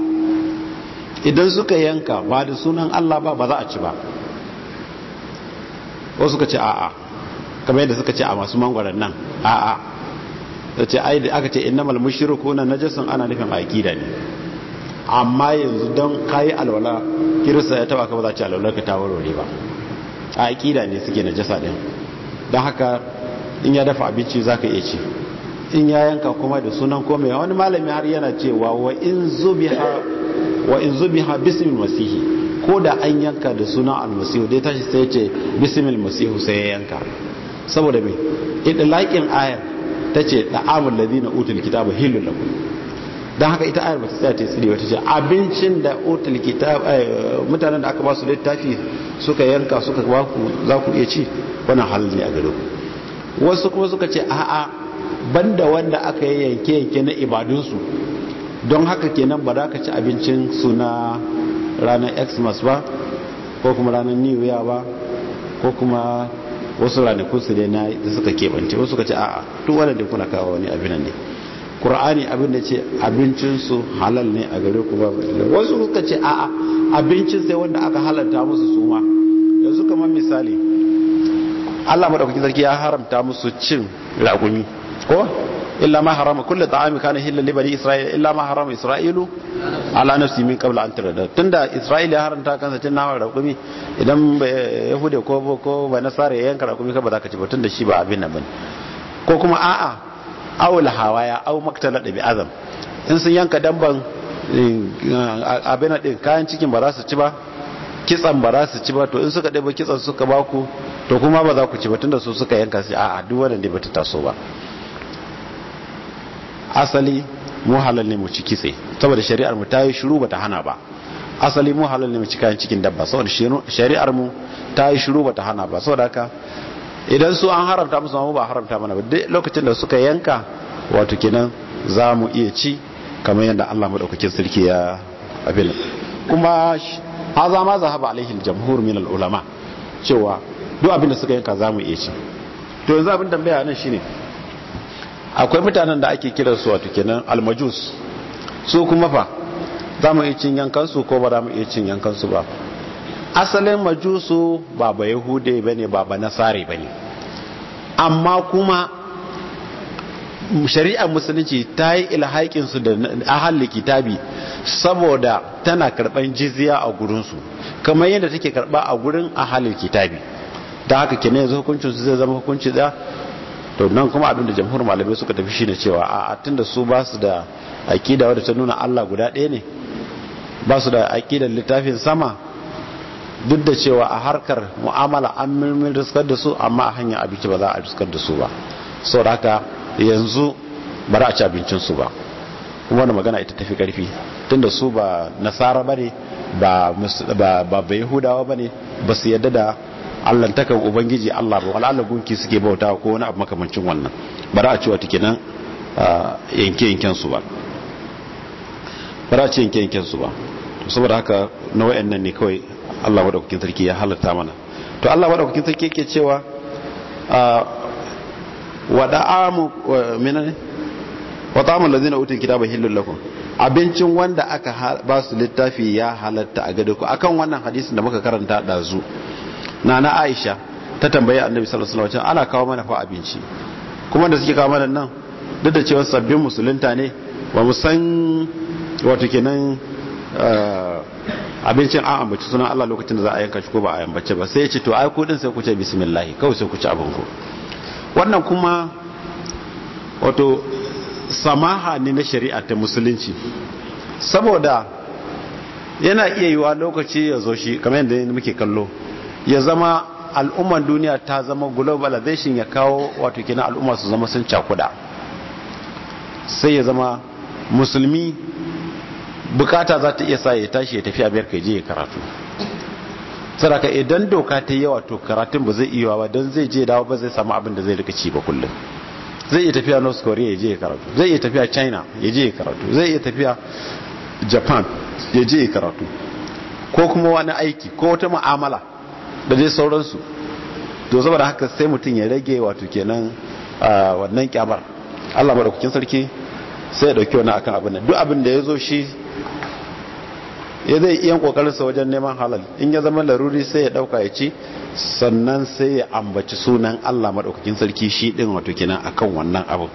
idan suka yanka ba da sunan Allah ba ba za a ci ba wasu suka ce a'a kamar yadda suka ce a masu mangwaron nan a'a da ce ai da aka ce innamal mushrikuna najasun ana nufin da ne amma yanzu don kayi alwala kirista ya taba ka za ci alwala ka ta warware ba a aƙida ne suke najasa ɗin don haka in ya dafa abinci za ka iya ci in ya yanka kuma da sunan kome wani malami har yana cewa wa in zubi wa in bismil masihi ko da an yanka da sunan almasihu dai tashi sai ce bismil masihu sai ya yanka saboda me laƙin ayar ta tace da ladina utul kitabu hilul lakum don haka ita ayar bata tsaya ta tsiri wata ce abincin da otal eh, mutanen da aka ba su littafi suka yanka suka ba ku za ku iya ci wani halal ne a gado ku wasu kuma suka ce a'a banda wanda aka yi yanke yanke na ibadunsu don haka kenan ba za ka ci abincin su na ranar xmas ba ko kuma ranar new year ba ko kuma wasu ranakun su ne na suka keɓance wasu suka ce a'a duk wannan da kuna kawo wani abin ne ƙura'ani abin da ce abincinsu halal ne a gare ku babu illa wasu suka ce a'a abincin sai wanda aka halarta musu su ma yanzu kamar misali Allah madaukakin sarki ya haramta musu cin ragumi ko illa ma harama kullu ta'ami kana hillal li bani isra'ila illa ma harama isra'ilu ala nafsi min kabla an tarada tunda isra'ila ya haramta kansa cin nawa rakumi idan yahude ko ko ba nasara ya yanka rakumi ka ba za ka ci ba tunda shi ba abin nan ba ko kuma a'a awul hawaya aw maktala da bi azam in sun yanka damban eh, abin din kayan cikin ba za su ci ba kitsan ba za su ci ba to in suka ɗaya kitsan suka ba ku to kuma ba za ku ci ba tunda su suka yanka su a duk wannan ba ta taso ba asali mu halal ne mu ci kitse saboda shari'ar mu ta yi shiru ta hana ba asali mu halal ne mu ci kayan cikin dabba saboda shari'ar mu ta yi shiru ta hana ba saboda haka idan su an haramta musu mu ba haramta mana ba duk lokacin da suka yanka wato kenan za mu iya ci kamar yadda Allah madaukakin sarki ya abin kuma za ma zahaba alaihi aljamhur min alulama cewa duk abin da suka yanka za mu iya ci to yanzu abin tambaya nan shine akwai mutanen da ake kira su wato kenan almajus su kuma fa za mu iya cin yankansu ko ba za mu iya cin yankansu ba asalin majusu ba ba yahude ba ne ba ba nasari ba ne amma kuma shari'ar musulunci ta yi ilhaƙinsu da ahalli kitabi saboda tana karɓar jiziya a gurinsu kamar yadda take karɓa a gurin ahalli kitabi ta haka kenan yanzu hukuncinsu zai zama hukunci da to nan kuma abin da jamhur malamai suka tafi shi shine cewa a tunda su ba su da aƙida wadda ta nuna Allah guda ɗaya ne ba su da aƙidar littafin sama duk da cewa a harkar mu'amala an mulmul riskar da su amma a hanyar abinci ba za a riskar da su ba da haka yanzu ba za a ci abincinsu ba kuma wani magana ita tafi karfi tunda su ba nasara ba ne ba ba yahudawa ba ne ba su yadda da allantakan ubangiji allah ba al'allar gunki suke bauta ko wani abu makamancin wannan ba za a ci wata nan yanke-yanken su ba ba za a ci yanke-yanken su ba saboda haka na wa'annan ne kawai Allah madaukakin sarki ya halatta mana to Allah madaukakin sarki ke cewa ah, Wadda amu minane wa ta'amul ladzina utul kitaba hillul lakum abincin wanda aka ba su littafi ya halatta a gare ku akan wannan hadisin da muka karanta dazu nana Aisha ta tambaye Annabi sallallahu alaihi wasallam ana kawo mana fa abinci kuma da suke kawo mana nan duk da cewa sabbin musulunta ne ba mu san wato kenan ah, abincin an ambaci sunan Allah lokacin da za a yanka shi ko ba a ambace ba sai ya ce to ai kuɗin din sai ku ce bismillah kawai sai ku ci abin ku wannan kuma wato samaha ne na shari'a ta musulunci saboda yana iya yiwa lokaci ya zo shi kamar yadda muke kallo ya zama al'umman duniya ta zama globalization ya kawo wato kenan al'umma su zama sun cakuda sai ya zama musulmi bukata za ta iya sa ya tashi ya tafi amerika je ya karatu saraka idan doka ta yawa to karatun ba zai iya ba don zai je dawo ba zai samu abin da zai rika ci ba kullum zai iya tafiya north korea ya je ya karatu zai iya tafiya china ya je ya karatu zai iya tafiya japan ya je ya karatu ko kuma wani aiki ko wata mu'amala da zai sauransu to saboda haka sai mutum ya rage wato kenan wannan kyamar allah maɗaukakin sarki sai ya ɗauki wani akan abin nan duk abin da ya zo shi ya zai iya kokarinsa wajen neman halal in ya zama laruri sai ya dauka ya ci sannan sai ya ambaci sunan Allah madaukakin sarki shi din wato kenan akan wannan abu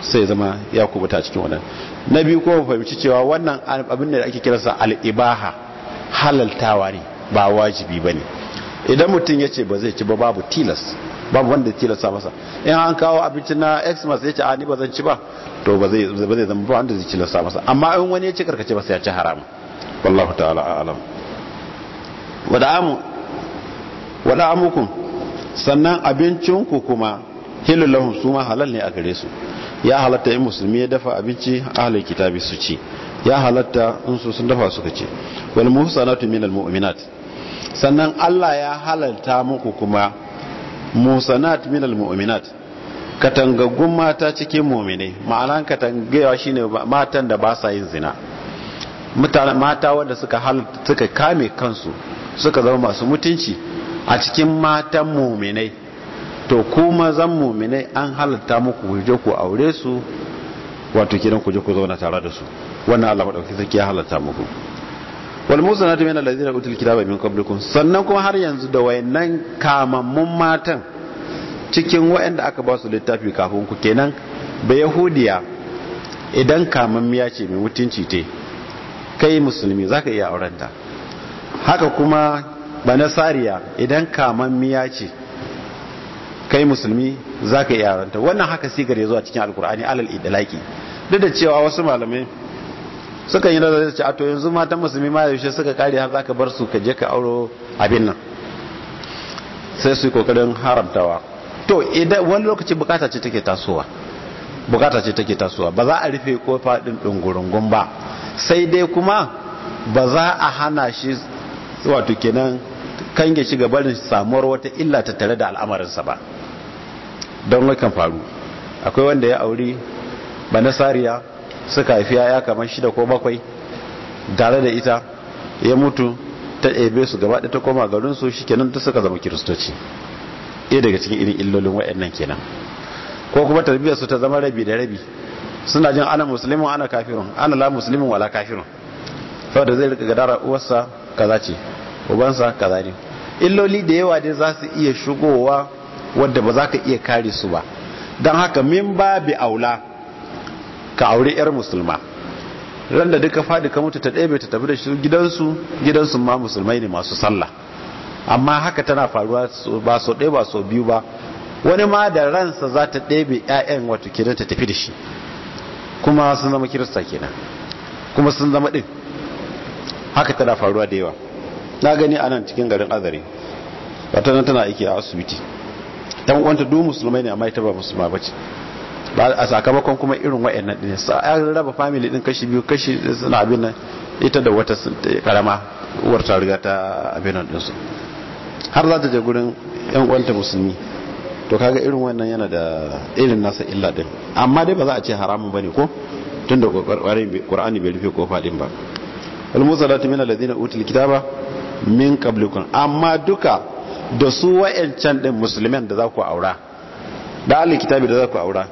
sai zama ya kubuta cikin wannan na biyu kuma fahimci cewa wannan abin da ake kiransa al-ibaha halaltawa ne ba wajibi bane idan mutum ya ce ba zai ci ba babu tilas babu wanda ya tilasta masa in an kawo abinci na xmas ya ce a ni ba zan ci ba to ba zai zama ba wanda zai tilasa masa amma in wani ya ci karkace ba sai ya ci haramun wallahu ta'ala a'lam wada'amu wada'amukum sannan abincin ku kuma hilul lahum su halal ne a gare su ya halatta in musulmi ya dafa abinci ahli kitabi su ci ya halatta in su sun dafa suka ci wal muhsanatu minal mu'minat sannan Allah ya halalta muku kuma musanat minal mu'minat katangagun mata cikin mu'mine ma'ana katangewa shine matan da ba sa yin zina mutane mata wanda suka suka kame kansu suka zama masu mutunci a cikin matan muminai to kuma zan muminai an halatta muku ku je ku aure su wato kidan ku je ku zauna tare da su wannan Allah madauki sarki halatta muku wal musanatu min allazina utul kitaba min qablikum sannan kuma har yanzu da wayannan kamammun matan cikin wayanda aka ba su littafi kafin ku kenan ba yahudiya idan kamammiya ce mai mutunci te kai musulmi za ka iya aurenta haka kuma ba tsariya idan miya ce kai musulmi za ka iya aurenta wannan haka sigar ya zuwa cikin alkur'ani alal idalaki duk da cewa wasu malamai suka yi nazarin ce a to yanzu matan musulmi ma yaushe suka kare har za ka bar su ka je ka auro abin nan sai su yi kokarin haramtawa to idan wani lokaci bukata ce take tasowa bukata ce take tasowa ba za a rufe kofa din dungurungun ba sai dai kuma ba za a hana shi wato kenan kange shiga barin samuwar wata illa ta tare da al'amarinsa ba don wakan faru akwai wanda ya auri ba nasariya suka haifi ya kamar shida ko bakwai tare da ita ya mutu ta ebe su gaba ta koma garinsu shi kenan ta suka zama kiristoci iya daga cikin irin illolin waɗannan kenan ko kuma tarbiyyarsu ta zama rabi da rabi suna jin ana musulmin ana kafirun ana la musulmin wala kafirun saboda zai rika gadara uwarsa kaza ce ubansa kaza ne illoli da yawa dai za su iya shigowa wadda ba za ka iya kare su ba don haka min ba bi aula ka aure yar musulma ran da duka fadi ka mutu ta ɗebe ta tafi da shi gidansu gidansu ma musulmai ne masu sallah amma haka tana faruwa ba so ɗaya ba so biyu ba wani ma da ransa za ta ɗebe 'ya'yan wato kenan ta tafi da shi kuma sun zama kirista kenan kuma sun zama din haka tana faruwa da yawa na gani anan cikin garin azare wata nan tana aiki a asibiti dan uwanta duk musulmai ne amma ita ba musulma bace a sakamakon kuma irin wayannan din sa an raba family din kashi biyu kashi suna abin nan ita da wata karama eh, uwar ta riga ta abin nan din har za ta je gurin yan uwanta musulmi to kaga irin wannan yana da irin nasa illa din amma dai ba za a ce haramun bane ko tunda qur'ani bai rufe ko fadin ba al musalatu min alladhina utul kitaba min qablikum amma duka da su wayancan din musulmin da za ku aura da al kitabi da za ku aura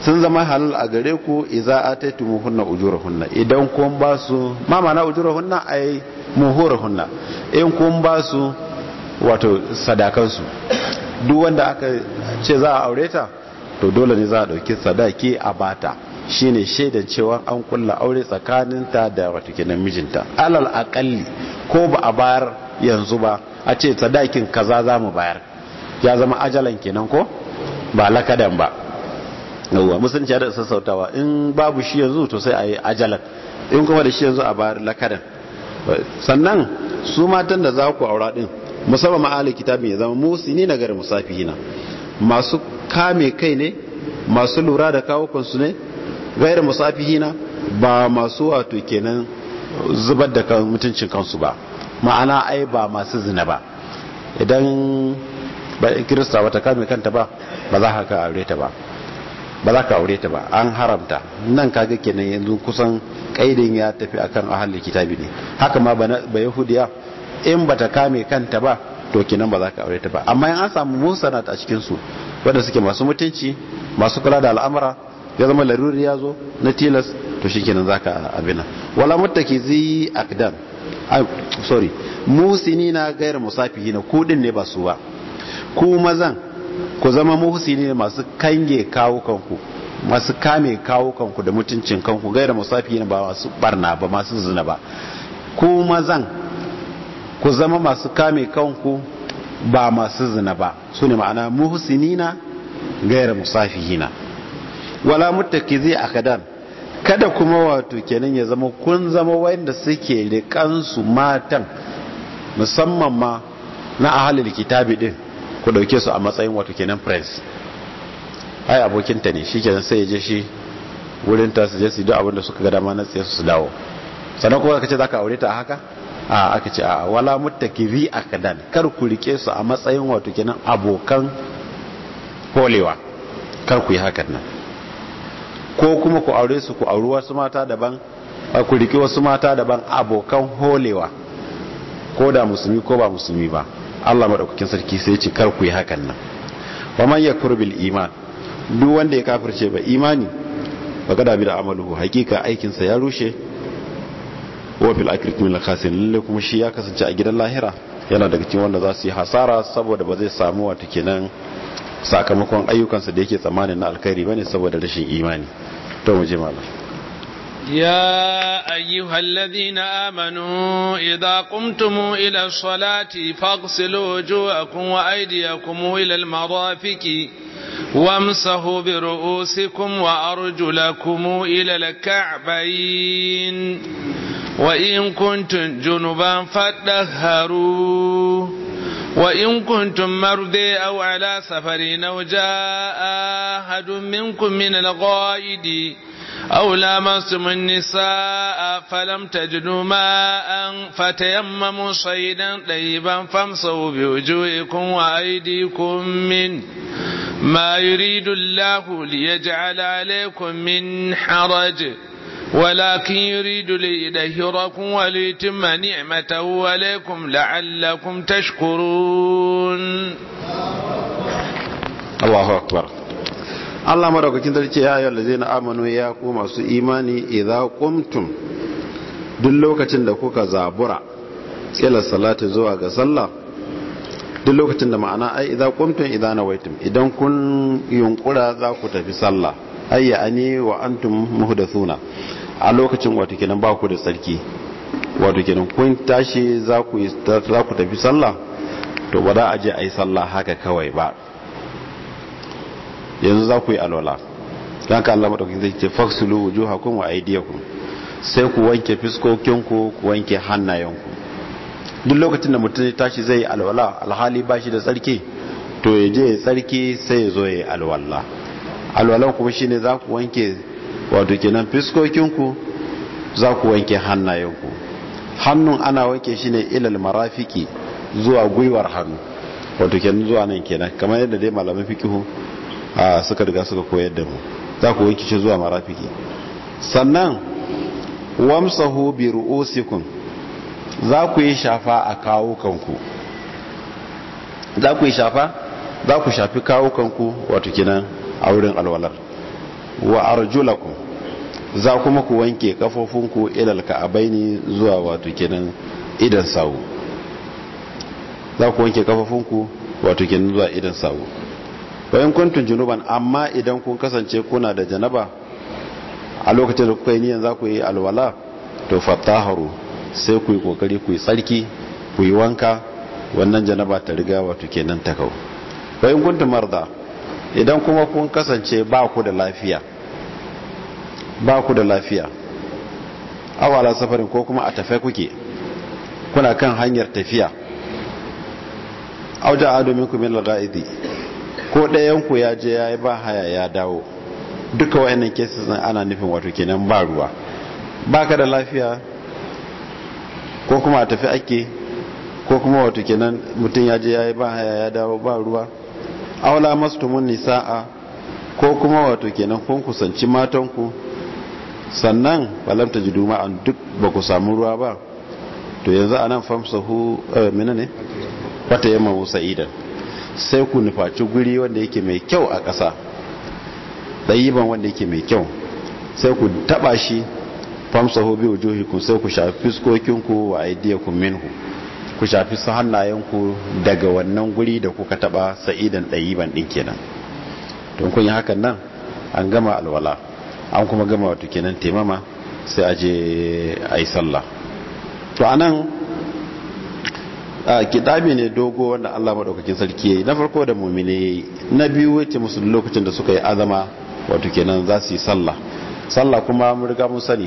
sun zama halal a gare ku idza muhunna ujurahunna idan kun ba su ma mana ujurahunna ai muhurahunna in kun ba su wato su duk wanda aka ce za a aure ta to dole ne za a dauki sadaki a bata shine shaidan cewa an kulla aure tsakaninta da wato mijinta alal akalli ko ba a bayar yanzu ba a ce sadakin kaza za mu bayar ya zama ajalan kenan ko ba lakadan ba yawwa musulunci ya da sassautawa in babu shi yanzu to sai a yi ajalan in kuma da shi yanzu a bayar lakadan sannan su matan da za ku aura din musamman ma'alin ahli kitabi ya zama ne na gari musafihina masu kame kai ne masu lura da kawukan su ne gairar musafihina ba masu wato kenan zubar da mutuncin kansu ba ma'ana ai ba masu zina ba idan ba kirista wata kame kanta ba ba za ka aure ta ba ba za ka aure ta ba an haramta nan kaga kenan yanzu kusan kaidin ya tafi akan ahalin kitabi ne haka ma ba yahudiya in bata kame kanta ba to kinan ba za ka aure ta ba amma in an samu musanat a cikin su wanda suke masu mutunci masu kula da al'amura ya zama laruri ya zo na tilas to shi kenan ka abina wala mutaki zi akdan sorry musini na gayar musafihi na kudin ne ba su ba ku mazan ku zama muhsini ne masu kange kawo kanku masu kame kawo kanku da mutuncin kanku gaira musafi ba masu barna ba masu zina ba ku mazan ku zama masu kame kanku ba masu zina ba su ne ma'ana muhsinina gaira musafihina wala a akadan kada kuma wato kenan ya zama kun zama wanda suke rikansu matan musamman ma na ahalil kitabi din ku dauke su a matsayin wato kenan prince ai abokin ta ne shi kenan sai ya je shi wurin ta su je su yi duk abin da suka ga dama na tsaye su dawo sannan kuma ka ce zaka aure ta a haka a aka ce a wala muttakizi akadan kar ku rike su a matsayin wato kenan abokan kolewa kar ku yi hakan nan ko kuma ku aure su ku auri wasu mata daban ku rike wasu mata daban abokan holewa ko da musulmi ko ba musulmi ba Allah madaukakin sarki sai ya ce kar ku yi hakan nan wa man yakfur iman duk wanda ya kafirce ba imani ba bi da amalu hakika aikinsa ya rushe wa bil akhirati min al-khasirin lalle kuma shi ya kasance a gidan lahira yana daga cikin wanda za su yi hasara saboda ba zai samu wata kenan sakamakon ayyukansa da yake tsammanin na alkhairi bane saboda rashin imani to mu je malam يا أيها الذين آمنوا إذا قمتم إلى الصلاة فاغسلوا وجوهكم وأيديكم إلى المرافق وامسحوا برؤوسكم وأرجلكم إلى الكعبين وإن كنتم جنبا فاتدهروا وإن كنتم مرضي أو على سفر أو جاء أحد منكم من الغائد أو لامستم النساء فلم تجدوا ماء فتيمموا صيدا طيبا فامسوا بوجوهكم وأيديكم منه ما يريد الله ليجعل عليكم من حرج ولكن يريد ليدهركم وليتم نعمته عليكم لعلكم تشكرون الله أكبر الله madaukakin كنت ya yi الذين آمنوا ya ku إيماني imani قمتم qumtum duk lokacin da kuka zabura ila salati duk lokacin da ma'ana ai idan kuntum idan kun yunkura za ku tafi sallah ayya ani wa antum muhdathuna a lokacin wato kenan ba ku da tsarki wato kenan kun tashi za ku za ku tafi sallah to ba za a je a yi sallah haka kawai ba yanzu za ku yi alwala don ka Allah madaukakin zai ce faksulu wujuhakum wa aydiyakum sai ku wanke fiskokinku ku ku wanke hannayenku duk lokacin da mutum tashi zai yi alwala alhali ba shi da tsarki to ya je ya tsarki sai ya zo ya alwala alwalan kuma shine za ku wanke wato kenan fiskokinku za ku wanke hannayenku hannun ana wanke shi ne ilal marafiki zuwa gwiwar hannu wato kenan zuwa nan kenan kamar yadda dai malamin fikihu suka riga suka koyar da mu za ku wanke shi zuwa marafiki sannan wamsahu bi ru'usikum za ku yi shafa a kawo kanku za ku yi shafa za ku shafi kawo kanku wato kenan a wurin alwalar wa arjulakum za kuma ku wanke kafofinku ilal ka'abaini zuwa wato kenan idan sawu za ku wanke kafofinku wato kenan zuwa idan sawu bayan kuntun junuban amma idan kun kasance kuna da janaba a lokacin da kuka yi niyan za ku yi alwala to fattaharu sai ku yi kokari ku yi tsarki ku yi wanka wannan janaba ta riga wato kenan ta kawo bayan kuntun marda idan kuma kun kasance ba ku da lafiya ba ku da lafiya awala safarin ko kuma a tafe kuke kuna kan hanyar tafiya auja a domin kumin laga'idi ko ɗayanku ya je ya yi ba haya ya dawo duka wa'annan kesis ana nufin wato kenan ba ruwa ba ka da lafiya ko kuma a tafi ake ko kuma wato kenan mutum ya je ya yi ba haya ya dawo ba ruwa aula mastumun nisa'a ko kuma wato kenan kun kusanci matanku sannan balam ta ma'an duk ba ku samu ruwa ba to yanzu a nan famsahu eh, mina ne wata yamma musa idan sai ku nufaci guri wanda yake mai kyau a ƙasa ɗayiban wanda yake mai kyau sai ku taɓa shi famsahu biyu ku. sai ku shafi ku wa aidiyakun minhu ku shafi su hannayenku daga wannan guri da kuka taba sa'idan ɗayiban ɗin kenan don kun yi hakan nan an gama alwala an kuma gama wato kenan taimama sai a je a yi sallah to a nan ne dogo wanda allah maɗaukakin sarki ya na farko da mumine na biyu wace musu lokacin da suka yi azama wato kenan za su yi sallah sallah kuma mun riga mun sani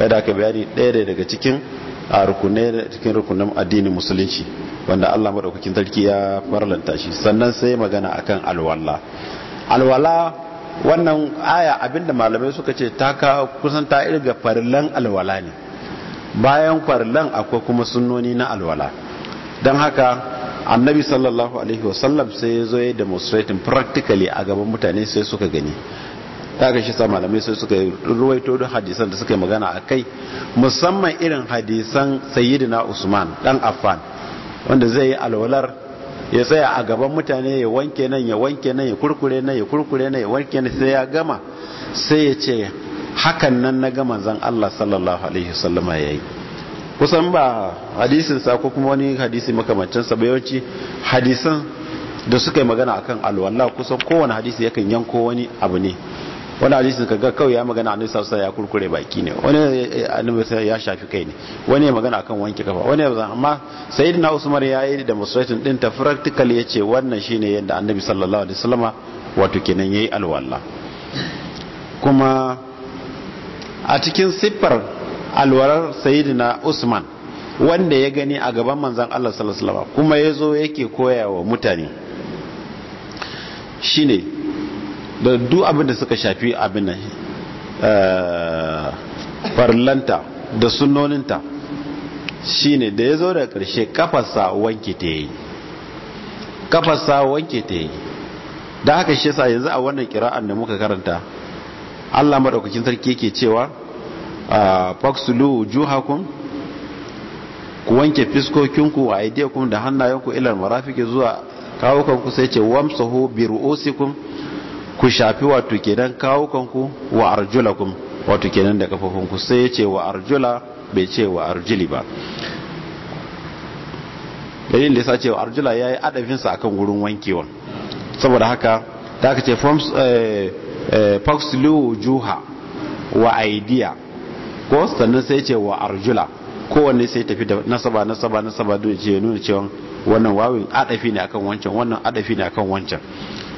yadda aka bayani ɗaya daga cikin a rukunai cikin rukunin addinin musulunci wanda Allah madaukakin sarki ya farlanta shi sannan sai magana akan alwala alwala wannan aya abinda malamai suka ce ta ka kusan ta irga farlan alwala ne bayan farlan akwai kuma sunnoni na alwala don haka annabi sallallahu alaihi wasallam sai ya zo ya demonstrating practically a gaban mutane sai suka gani kaga shi sama malamai sai suka ruwaito duk hadisan da suka yi magana a kai musamman irin hadisan sayyidina usman dan affan wanda zai yi alwalar ya tsaya a gaban mutane ya wanke nan ya wanke nan ya kurkure nan ya kurkure nan ya wanke nan sai ya gama sai ya ce hakan nan na gama zan Allah sallallahu alaihi wasallama yayi kusan ba hadisin sa ko kuma wani hadisi makamancin sa bayanci hadisan da suka yi magana akan alwala kusan kowane hadisi yakan yanko wani abu ne wani hadisi ga kawai ya magana annabi sallallahu alaihi ya kurkure baki ne wani eh, eh, annabi ya shafi kai ne wani ya magana akan wanke kafa wani ya amma sayyidina usman ya yi da musulmatin din ta practical yace wannan shine yadda annabi sallallahu alaihi wasallama wato kenan yayi alwala kuma a cikin siffar alwarar sayyidina usman wanda ya gani a gaban manzon Allah sallallahu alaihi wasallama kuma yazo yake koyawa mutane shine da duk abin da suka shafi abin eh, farlanta da sunnoninta shine da ya zo da ƙarshe kafarsa wanke ta yi kafarsa wanke ta yi da haka shi sa yanzu a wannan kira'an da muka karanta allah maɗaukakin sarki yake cewa ah, faksulu juhakun ku wanke fiskokinku a aidiyakun da hannayenku ilar marafiki zuwa kawo ku sai ce wamsahu bi ku shafi wato kenan kanku wa arjulakum wato kenan da ku sai ya ce wa arjula bai ce wa arjili ba dalilin da ya ce wa arjula ya yi adafinsa akan wurin wankewa saboda haka ta ka ce foxlu eh, eh, juha wa aidiya ko sannan sai ce wa arjula kowanne sai tafi da nasaba nasaba nasaba don ce nuna cewa wannan wawin adafi ne akan wancan wannan adafi ne akan wancan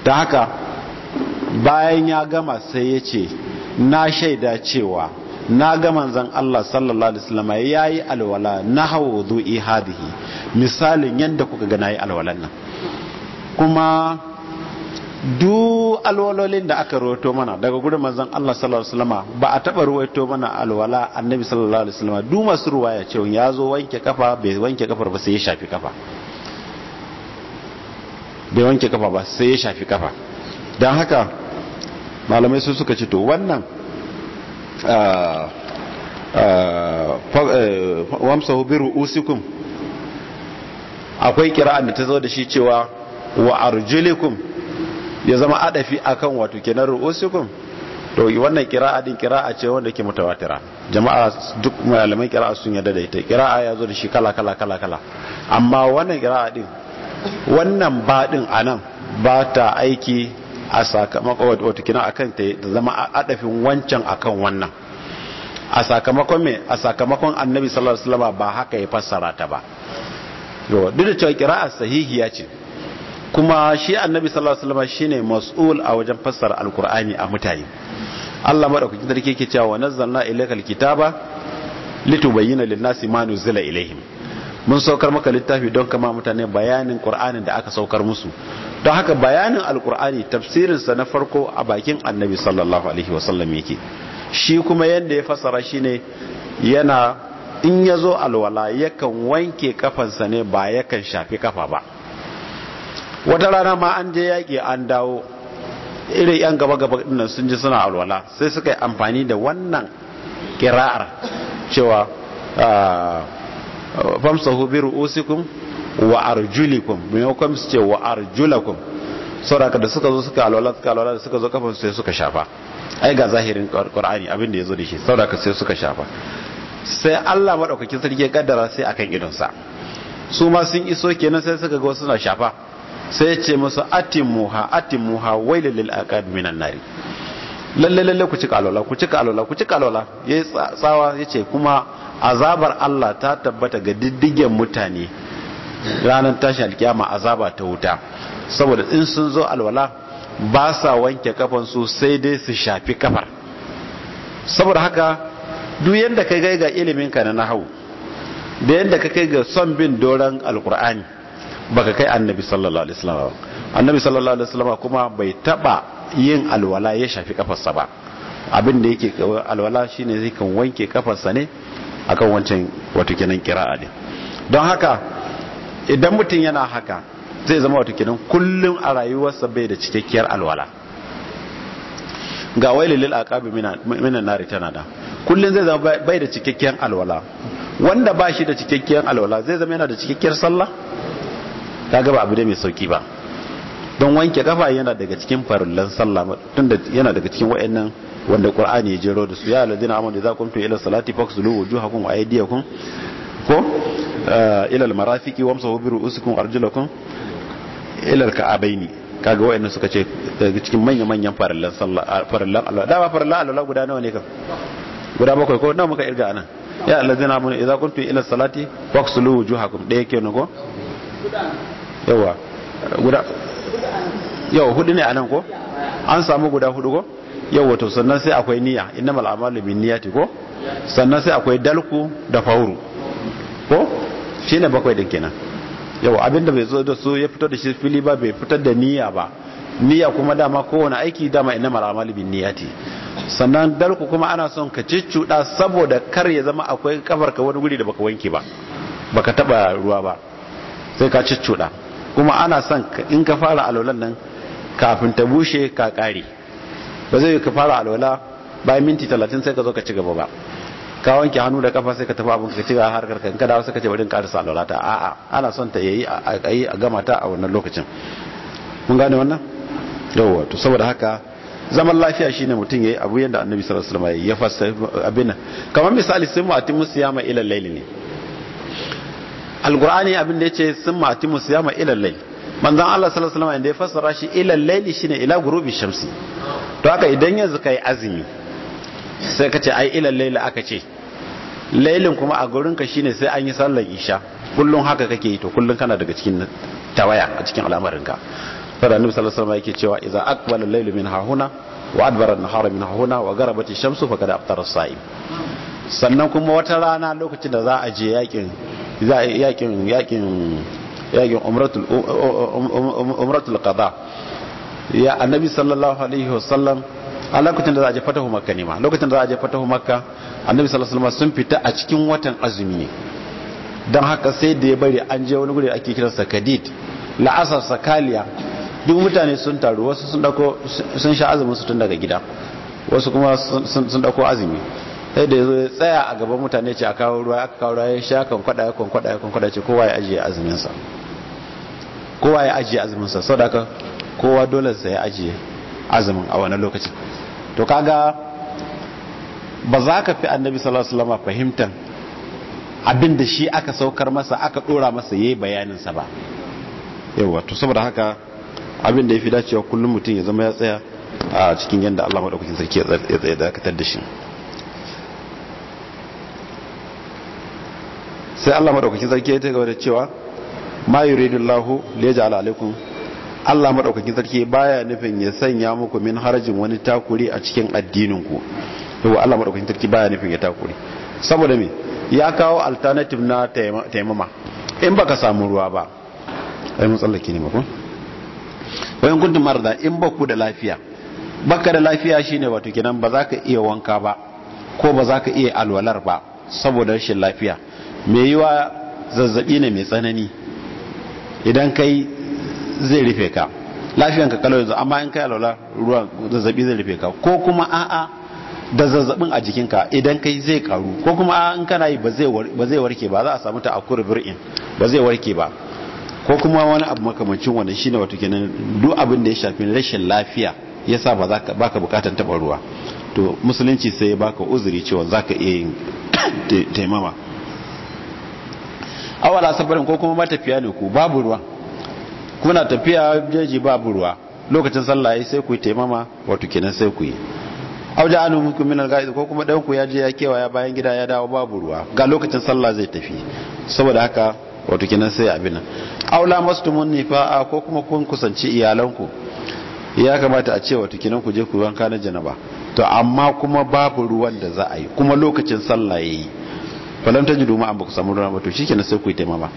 ta haka bayan ya gama sai ya ce na shaida cewa na ga zan Allah sallallahu alaihi wasallam yayi alwala na hawudu hadihi misalin yadda kuka gana yi alwalan nan kuma du alwalolin da aka roto mana daga gurin manzon Allah sallallahu alaihi wasallam ba a taba rawaito mana alwala annabi sallallahu alaihi wasallam du masu ruwaya cewa ya zo wanke kafa bai wanke kafar ba sai ya shafi kafa bai wanke kafa ba sai ya shafi kafa don haka malamai su suka ce to wannan ah, ah, eh, wamsa hubiru usikun akwai kira'an da ta zo da shi cewa wa arjulikum ya zama adafi akan wato kenan ru'usikun to wannan kira'a din kira'a ce wanda ke mutawatira jama'a duk malamai kira'a sun yarda da ita kira'a ya zo da shi kala kala kala kala amma wannan kira'a din wannan baɗin a nan ba ta aiki a sakamakon wata kina kan ta zama adafin wancan akan wannan a sakamakon me a sakamakon annabi sallallahu alaihi wasallam ba haka ya fassara ta ba yo duk da cewa qira'a sahihiya ce kuma shi annabi sallallahu alaihi wasallam shine mas'ul a wajen fassara alqur'ani a mutane Allah madaukakin sarki yake cewa nazzalna ilaykal kitaba litubayyana lin-nasi ma nuzila ilaihim mun saukar maka littafi don kama mutane bayanin qur'anin da aka saukar musu don haka bayanin alkur'ani tafsirinsa na farko a bakin annabi sallallahu alaihi wasallam yake shi kuma yadda ya fasara shi ne yana in ya zo alwala yakan wanke kafansa ne ba yakan shafi kafa ba wata rana ma an je yaƙi an dawo irin yan gaba gaba dinnan sun ji suna alwala sai suka yi amfani da wannan kira'ar cewa ah, famsahu bi ru'usikum wa arjulikum maimakon su ce wa arjulakum saboda da suka zo suka alwala suka alwala da suka zo kafin sai suka shafa ai ga zahirin qur'ani abin da yazo da shi saboda sai suka shafa sai Allah madaukakin sarki ya kaddara sai akan idon sa su ma sun iso kenan sai suka ga suna shafa sai ya ce musu atimuha atimuha wailal lil aqab minan nari lalle lalle ku cika alwala ku cika alwala ku cika alwala yayi tsawa yace kuma azabar Allah ta tabbata ga diddigen mutane ranar tashi alkiyama azaba ta wuta saboda in sun zo alwala ba sa wanke kafansu sai dai su shafi kafar saboda haka duk yadda ka gai ga iliminka na nahau da yadda ka kai ga son bin doron alkur'ani baka kai annabi sallallahu alaihi wasallam annabi sallallahu alaihi wasallam kuma bai taba yin alwala ya shafi kafarsa ba abin da yake alwala shine zai kan wanke kafarsa ne akan wancan wato kenan kira'a ne don haka idan mutum yana haka zai zama wata kenan kullum a rayuwarsa bai da cikakkiyar alwala ga wailil lil aqabi minan nari tana da kullum zai zama bai da cikakkiyar alwala wanda ba shi da cikakkiyar alwala zai zama yana da cikakkiyar sallah kaga ba abu da mai sauki ba don wanke kafa yana daga cikin farillan sallah tunda yana daga cikin wayannan wanda qur'ani ya jero da su ya da za ku mutu ila salati faghsilu wujuhakum wa aydiyakum ko eh, ilal marafiki wamsahu bi ru'usikum arjulakum ilal ka'abaini kaga wayannan suka ce cikin manyan manyan farallan sallah farallan Allah da ba farallan Allah guda nawa ne kan guda bakwai ko nawa muka irga anan ya allazina amanu idza kuntum ila salati waqsulu wujuhakum da yake ne ko yawa guda yawa hudu ne anan ko an samu guda hudu ko yawa to sannan sai akwai niyya innamal a'malu binniyati ko sannan sai akwai dalku da fawru ko ne bakwai din kenan yau abinda bai zo da su ya fito da shi fili ba bai fitar da niyya ba niyya kuma dama kowane aiki dama mara maramal bin ti sannan dalku kuma ana son ka cuɗa saboda kar ya zama akwai kafar ka wani guri da baka wanke ba baka taba ruwa ba sai ka ciccuda kuma ana son in ka fara alolan nan kafin ta bushe ka kare ba zai ka fara alwala bayan minti talatin sai ka zo ka ci gaba ba ka wanke hannu da kafa sai ka tafi abin ka ce a ah, harkar ka in ka dawo sai ka ce bari a a ana son ta yayi a yi a gama ta a wannan lokacin mun gane wannan yawwa to saboda haka zaman lafiya shine mutum yayi abu yadda annabi sallallahu ya fasa abin kamar misali sun ila layl ne alqur'ani abin da yace sun mati musiyama ila layl manzon Allah sallallahu alaihi wasallam inda ya fassara shi ila layl shine ila gurubi shamsi to haka idan yanzu kai azumi sai ka ce ai ilal laila aka ce lailin kuma a gurin ka shine sai an yi sallar isha kullun haka kake yi to kullun kana daga cikin tawaya a cikin al'amarin ka fara annabi sallallahu alaihi wasallam yake cewa idza aqbala al-lailu min hahuna wa adbara an-nahara min hahuna wa ash shamsu faqad aftara as-sa'im sannan kuma wata rana lokacin da za a je yakin za yakin yakin yakin umratul um, um, um, umratul qada ya annabi sallallahu alaihi wasallam a lokacin da za a je fatahu makka ne ma lokacin da za a je fatahu makka annabi sallallahu alaihi wasallam sun fita a cikin watan azumi ne don haka sai da ya bari an je wani guri ake kiransa kadid la'asar sakaliya duk mutane sun taru wasu sun dako sun sha azumin su tun daga gida wasu kuma sun dako azumi sai da yazo ya tsaya a gaban mutane ce a kawo ruwa aka kawo ruwa ya sha kan kwada ya kan kwada ya kan kwada ce kowa ya ajiye azumin sa kowa ya ajiye azumin sa saboda haka kowa dole sai ya ajiye azumin a wani lokacin to kaga ba za ka fi annabi sallallahu alaihi wasallam fahimtan abinda shi aka saukar masa aka dora masa yayi bayanin sa ba yawa to saboda haka abinda yafi dacewa kullum mutum ya zama ya tsaya a cikin yanda Allah madaukakin sarki ya tsaya da dakatar da shi sai Allah madaukakin sarki ya ta gaba da cewa ma yuridullahu liyaj'ala alaikum Allah madaukakin sarki baya nufin ya sanya muku min harajin wani takuri a cikin addinin ku to Allah madaukakin sarki baya nufin ya takuri saboda me ya kawo alternative na taimama in baka samu ruwa ba ai mun tsallake ne mako wayan kuntum marda in ba ku da lafiya baka da lafiya shine wato kenan ba za ka iya wanka ba ko ba za ka iya alwalar ba saboda rashin lafiya me yiwa zazzabi ne mai tsanani idan kai zai rufe ka ka kalau yanzu amma in kai alwala ruwa zazzabi zai rufe ka ko kuma a'a da zazzabin a jikin ka idan kai zai karu ko kuma a'a in kana yi ba zai warke ba za a samu ta akwai bir'in ba zai warke ba ko kuma wani abu makamancin shi shine wato kenan duk abin da ya shafi rashin lafiya yasa ba ka baka bukatan taba ruwa to musulunci sai ya baka uzuri cewa za ka iya yin taimama awala sabarin ko kuma matafiya ne ku babu ruwa kuna tafiya jeji babu ruwa lokacin sallah yi sai ku taimama wato kenan sai ku yi auja anu hukum min al ko kuma dan ku ya je ya kewaya bayan gida ya dawo babu ruwa ga lokacin sallah zai tafi saboda haka wato kenan sai abin nan aula mastumun nifa'a ko kuma kun kusanci iyalanku ya kamata a ce wato kenan ku je ku wanka na janaba to amma kuma babu ruwan da za a yi kuma lokacin sallah yayi falan ta jidu ma an ba ku samu ruwa ba to shikenan sai ku yi taimama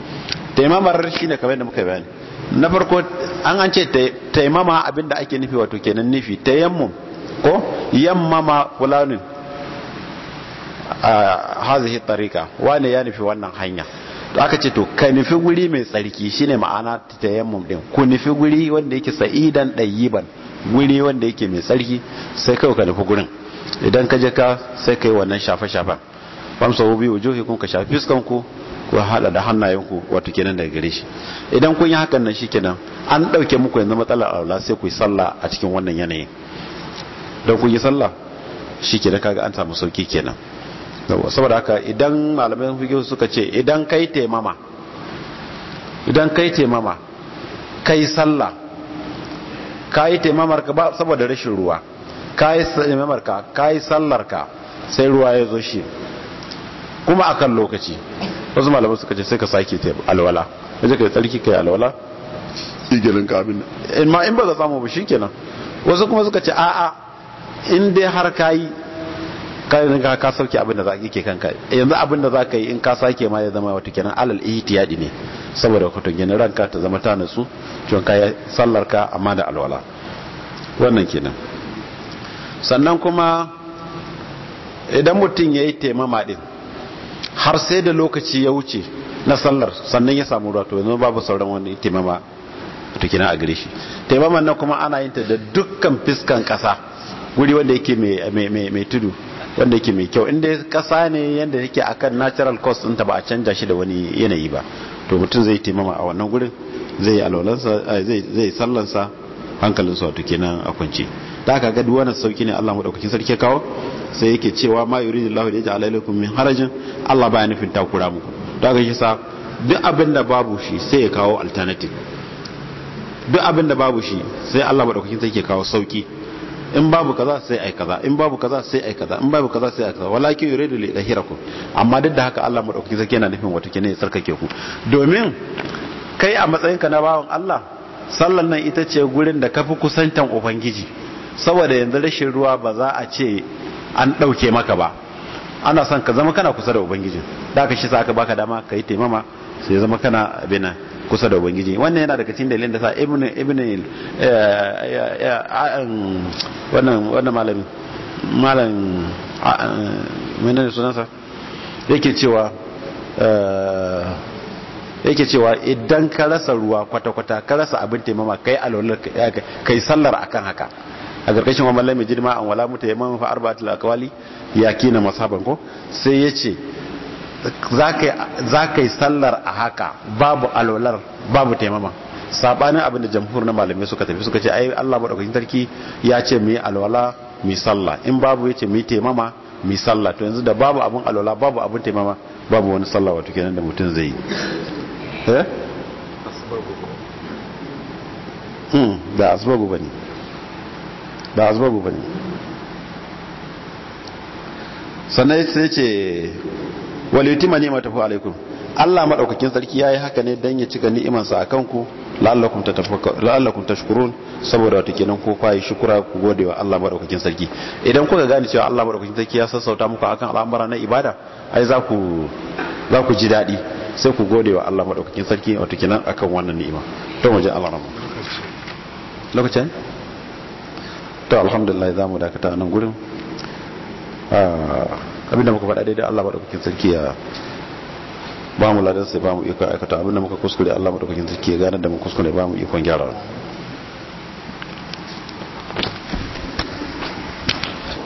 taimamar shine kamar yadda muka bayani na farko an an ce taimama abinda ake nufi wato kenan nufi tayammum ko yammama fulanin a hazihi tarika wane ya nufi wannan hanya to aka ce to ka nufi guri mai tsarki shine ma'ana tayammum din ku nufi guri wanda yake sa'idan ban guri wanda yake mai tsarki sai kai ka nufi gurin idan ka je ka sai kai wannan shafa shafa famsa wubi wujuhikum ka shafi fiskan ku ku hada da hannayenku wato kenan daga gare shi idan kun yi hakan nan kenan an dauke muku yanzu matsalar aula sai ku yi sallah a cikin wannan yanayin don kun yi sallah shi shikenan kaga an samu sauki kenan saboda haka idan malaman fiqh suka ce idan kai taimama idan kai taimama kai sallah kai taimamar ka ba saboda rashin ruwa kai taimamar ka kai sallar ka sai ruwa ya zo shi kuma akan lokaci wasu malamai suka ce sai ka sake ta alwala wajen ka yi tsarki ka yi alwala igelin kamin in eh, ma in ba za samu ba shi kenan wasu kuma suka ce a'a in dai har ka yi kayan ka ka sauke abin da za ka yi kanka yanzu abin da za ka yi in ka sake ma ya zama wata kenan alal ihtiyadi ne saboda ka gina ranka ta zama ta nasu to ka yi sallar ka amma da alwala wannan kenan sannan kuma idan mutum ya yi taimama din har sai da lokaci ya wuce na sallar sannan ya samu ruwa to yanzu babu sauran wani taimama to kina a gare shi taimaman nan kuma ana yinta da dukkan fiskan kasa guri wanda yake mai tudu wanda yake mai kyau inda kasa ne yanda yake akan natural cost din ta ba a canja shi da wani yanayi ba to mutum zai taimama a wannan gurin zai alwalansa eh, zai sallansa hankalinsa wato kenan a kwance da aka gadi wannan sauki ne Allah madaukakin sarki kawo sai yake cewa ma yuridu Allah da yaj'al alaikum min harajin Allah baya nufin takura muku da aka shi sa duk abin da babu shi sai ya kawo alternative duk abin da babu shi sai Allah madaukakin sarki ya kawo sauki in babu kaza sai ai kaza in babu kaza sai ai kaza in babu kaza sai ai kaza walakin yuridu li dahirakum amma duk da haka Allah madaukakin sarki yana nufin wato kenan ya sarkake ku domin kai a matsayinka na bawon Allah sallan nan ita ce gurin da kafi kusantan ubangiji saboda yanzu rashin ruwa ba za a ce an ɗauke maka ba ana son ka zama kana kusa da ubangijin da aka shi sa aka baka dama ka yi taimama sai zama kana abin kusa da ubangiji wannan yana daga cikin dalilin da sa ibn ibn eh, eh, eh, um, wannan wannan malami malam menene sunansa yake cewa yake cewa idan ka rasa ruwa kwata-kwata ka rasa abin taimama kai alwalar kai sallar akan haka a karkashin wa mallam jirma an wala muta yamman fa arba'atul aqwali yakina masaban ko sai yace za ka yi sallar a haka babu alolar babu taimama saɓanin abin da jamhur na malamai suka tafi suka ce ai Allah ɗaukacin tarki ya ce mai yi alwala mu in babu ya ce mai taimama mai salla to yanzu da babu abin alwala babu abin taimama babu wani salla wato kenan da mutum zai yi eh da hmm, asbabu bane ba asbabu ba ne sannan sai ce walitima ne matafi alaikum Allah maɗaukakin sarki ya yi haka ne don ya cika ni'imansa a kanku ta shukurun saboda wata kenan ko fayi shukura ku gode wa Allah maɗaukakin sarki idan kuka gani cewa Allah maɗaukakin sarki ya sassauta muku akan al'amura na ibada ai za ku ji daɗi sai ku gode wa Allah maɗaukakin sarki wata kenan akan wannan ni'ima don wajen Allah ramu lokacin to alhamdulillah za mu dakata nan gurin ah, abinda muka faɗa daidai Allah maɗaukakin sarki ya ba mu ladan ba mu iko aikata abinda muka kuskure Allah maɗaukakin sarki ya gane da mu kuskure ba mu ikon gyara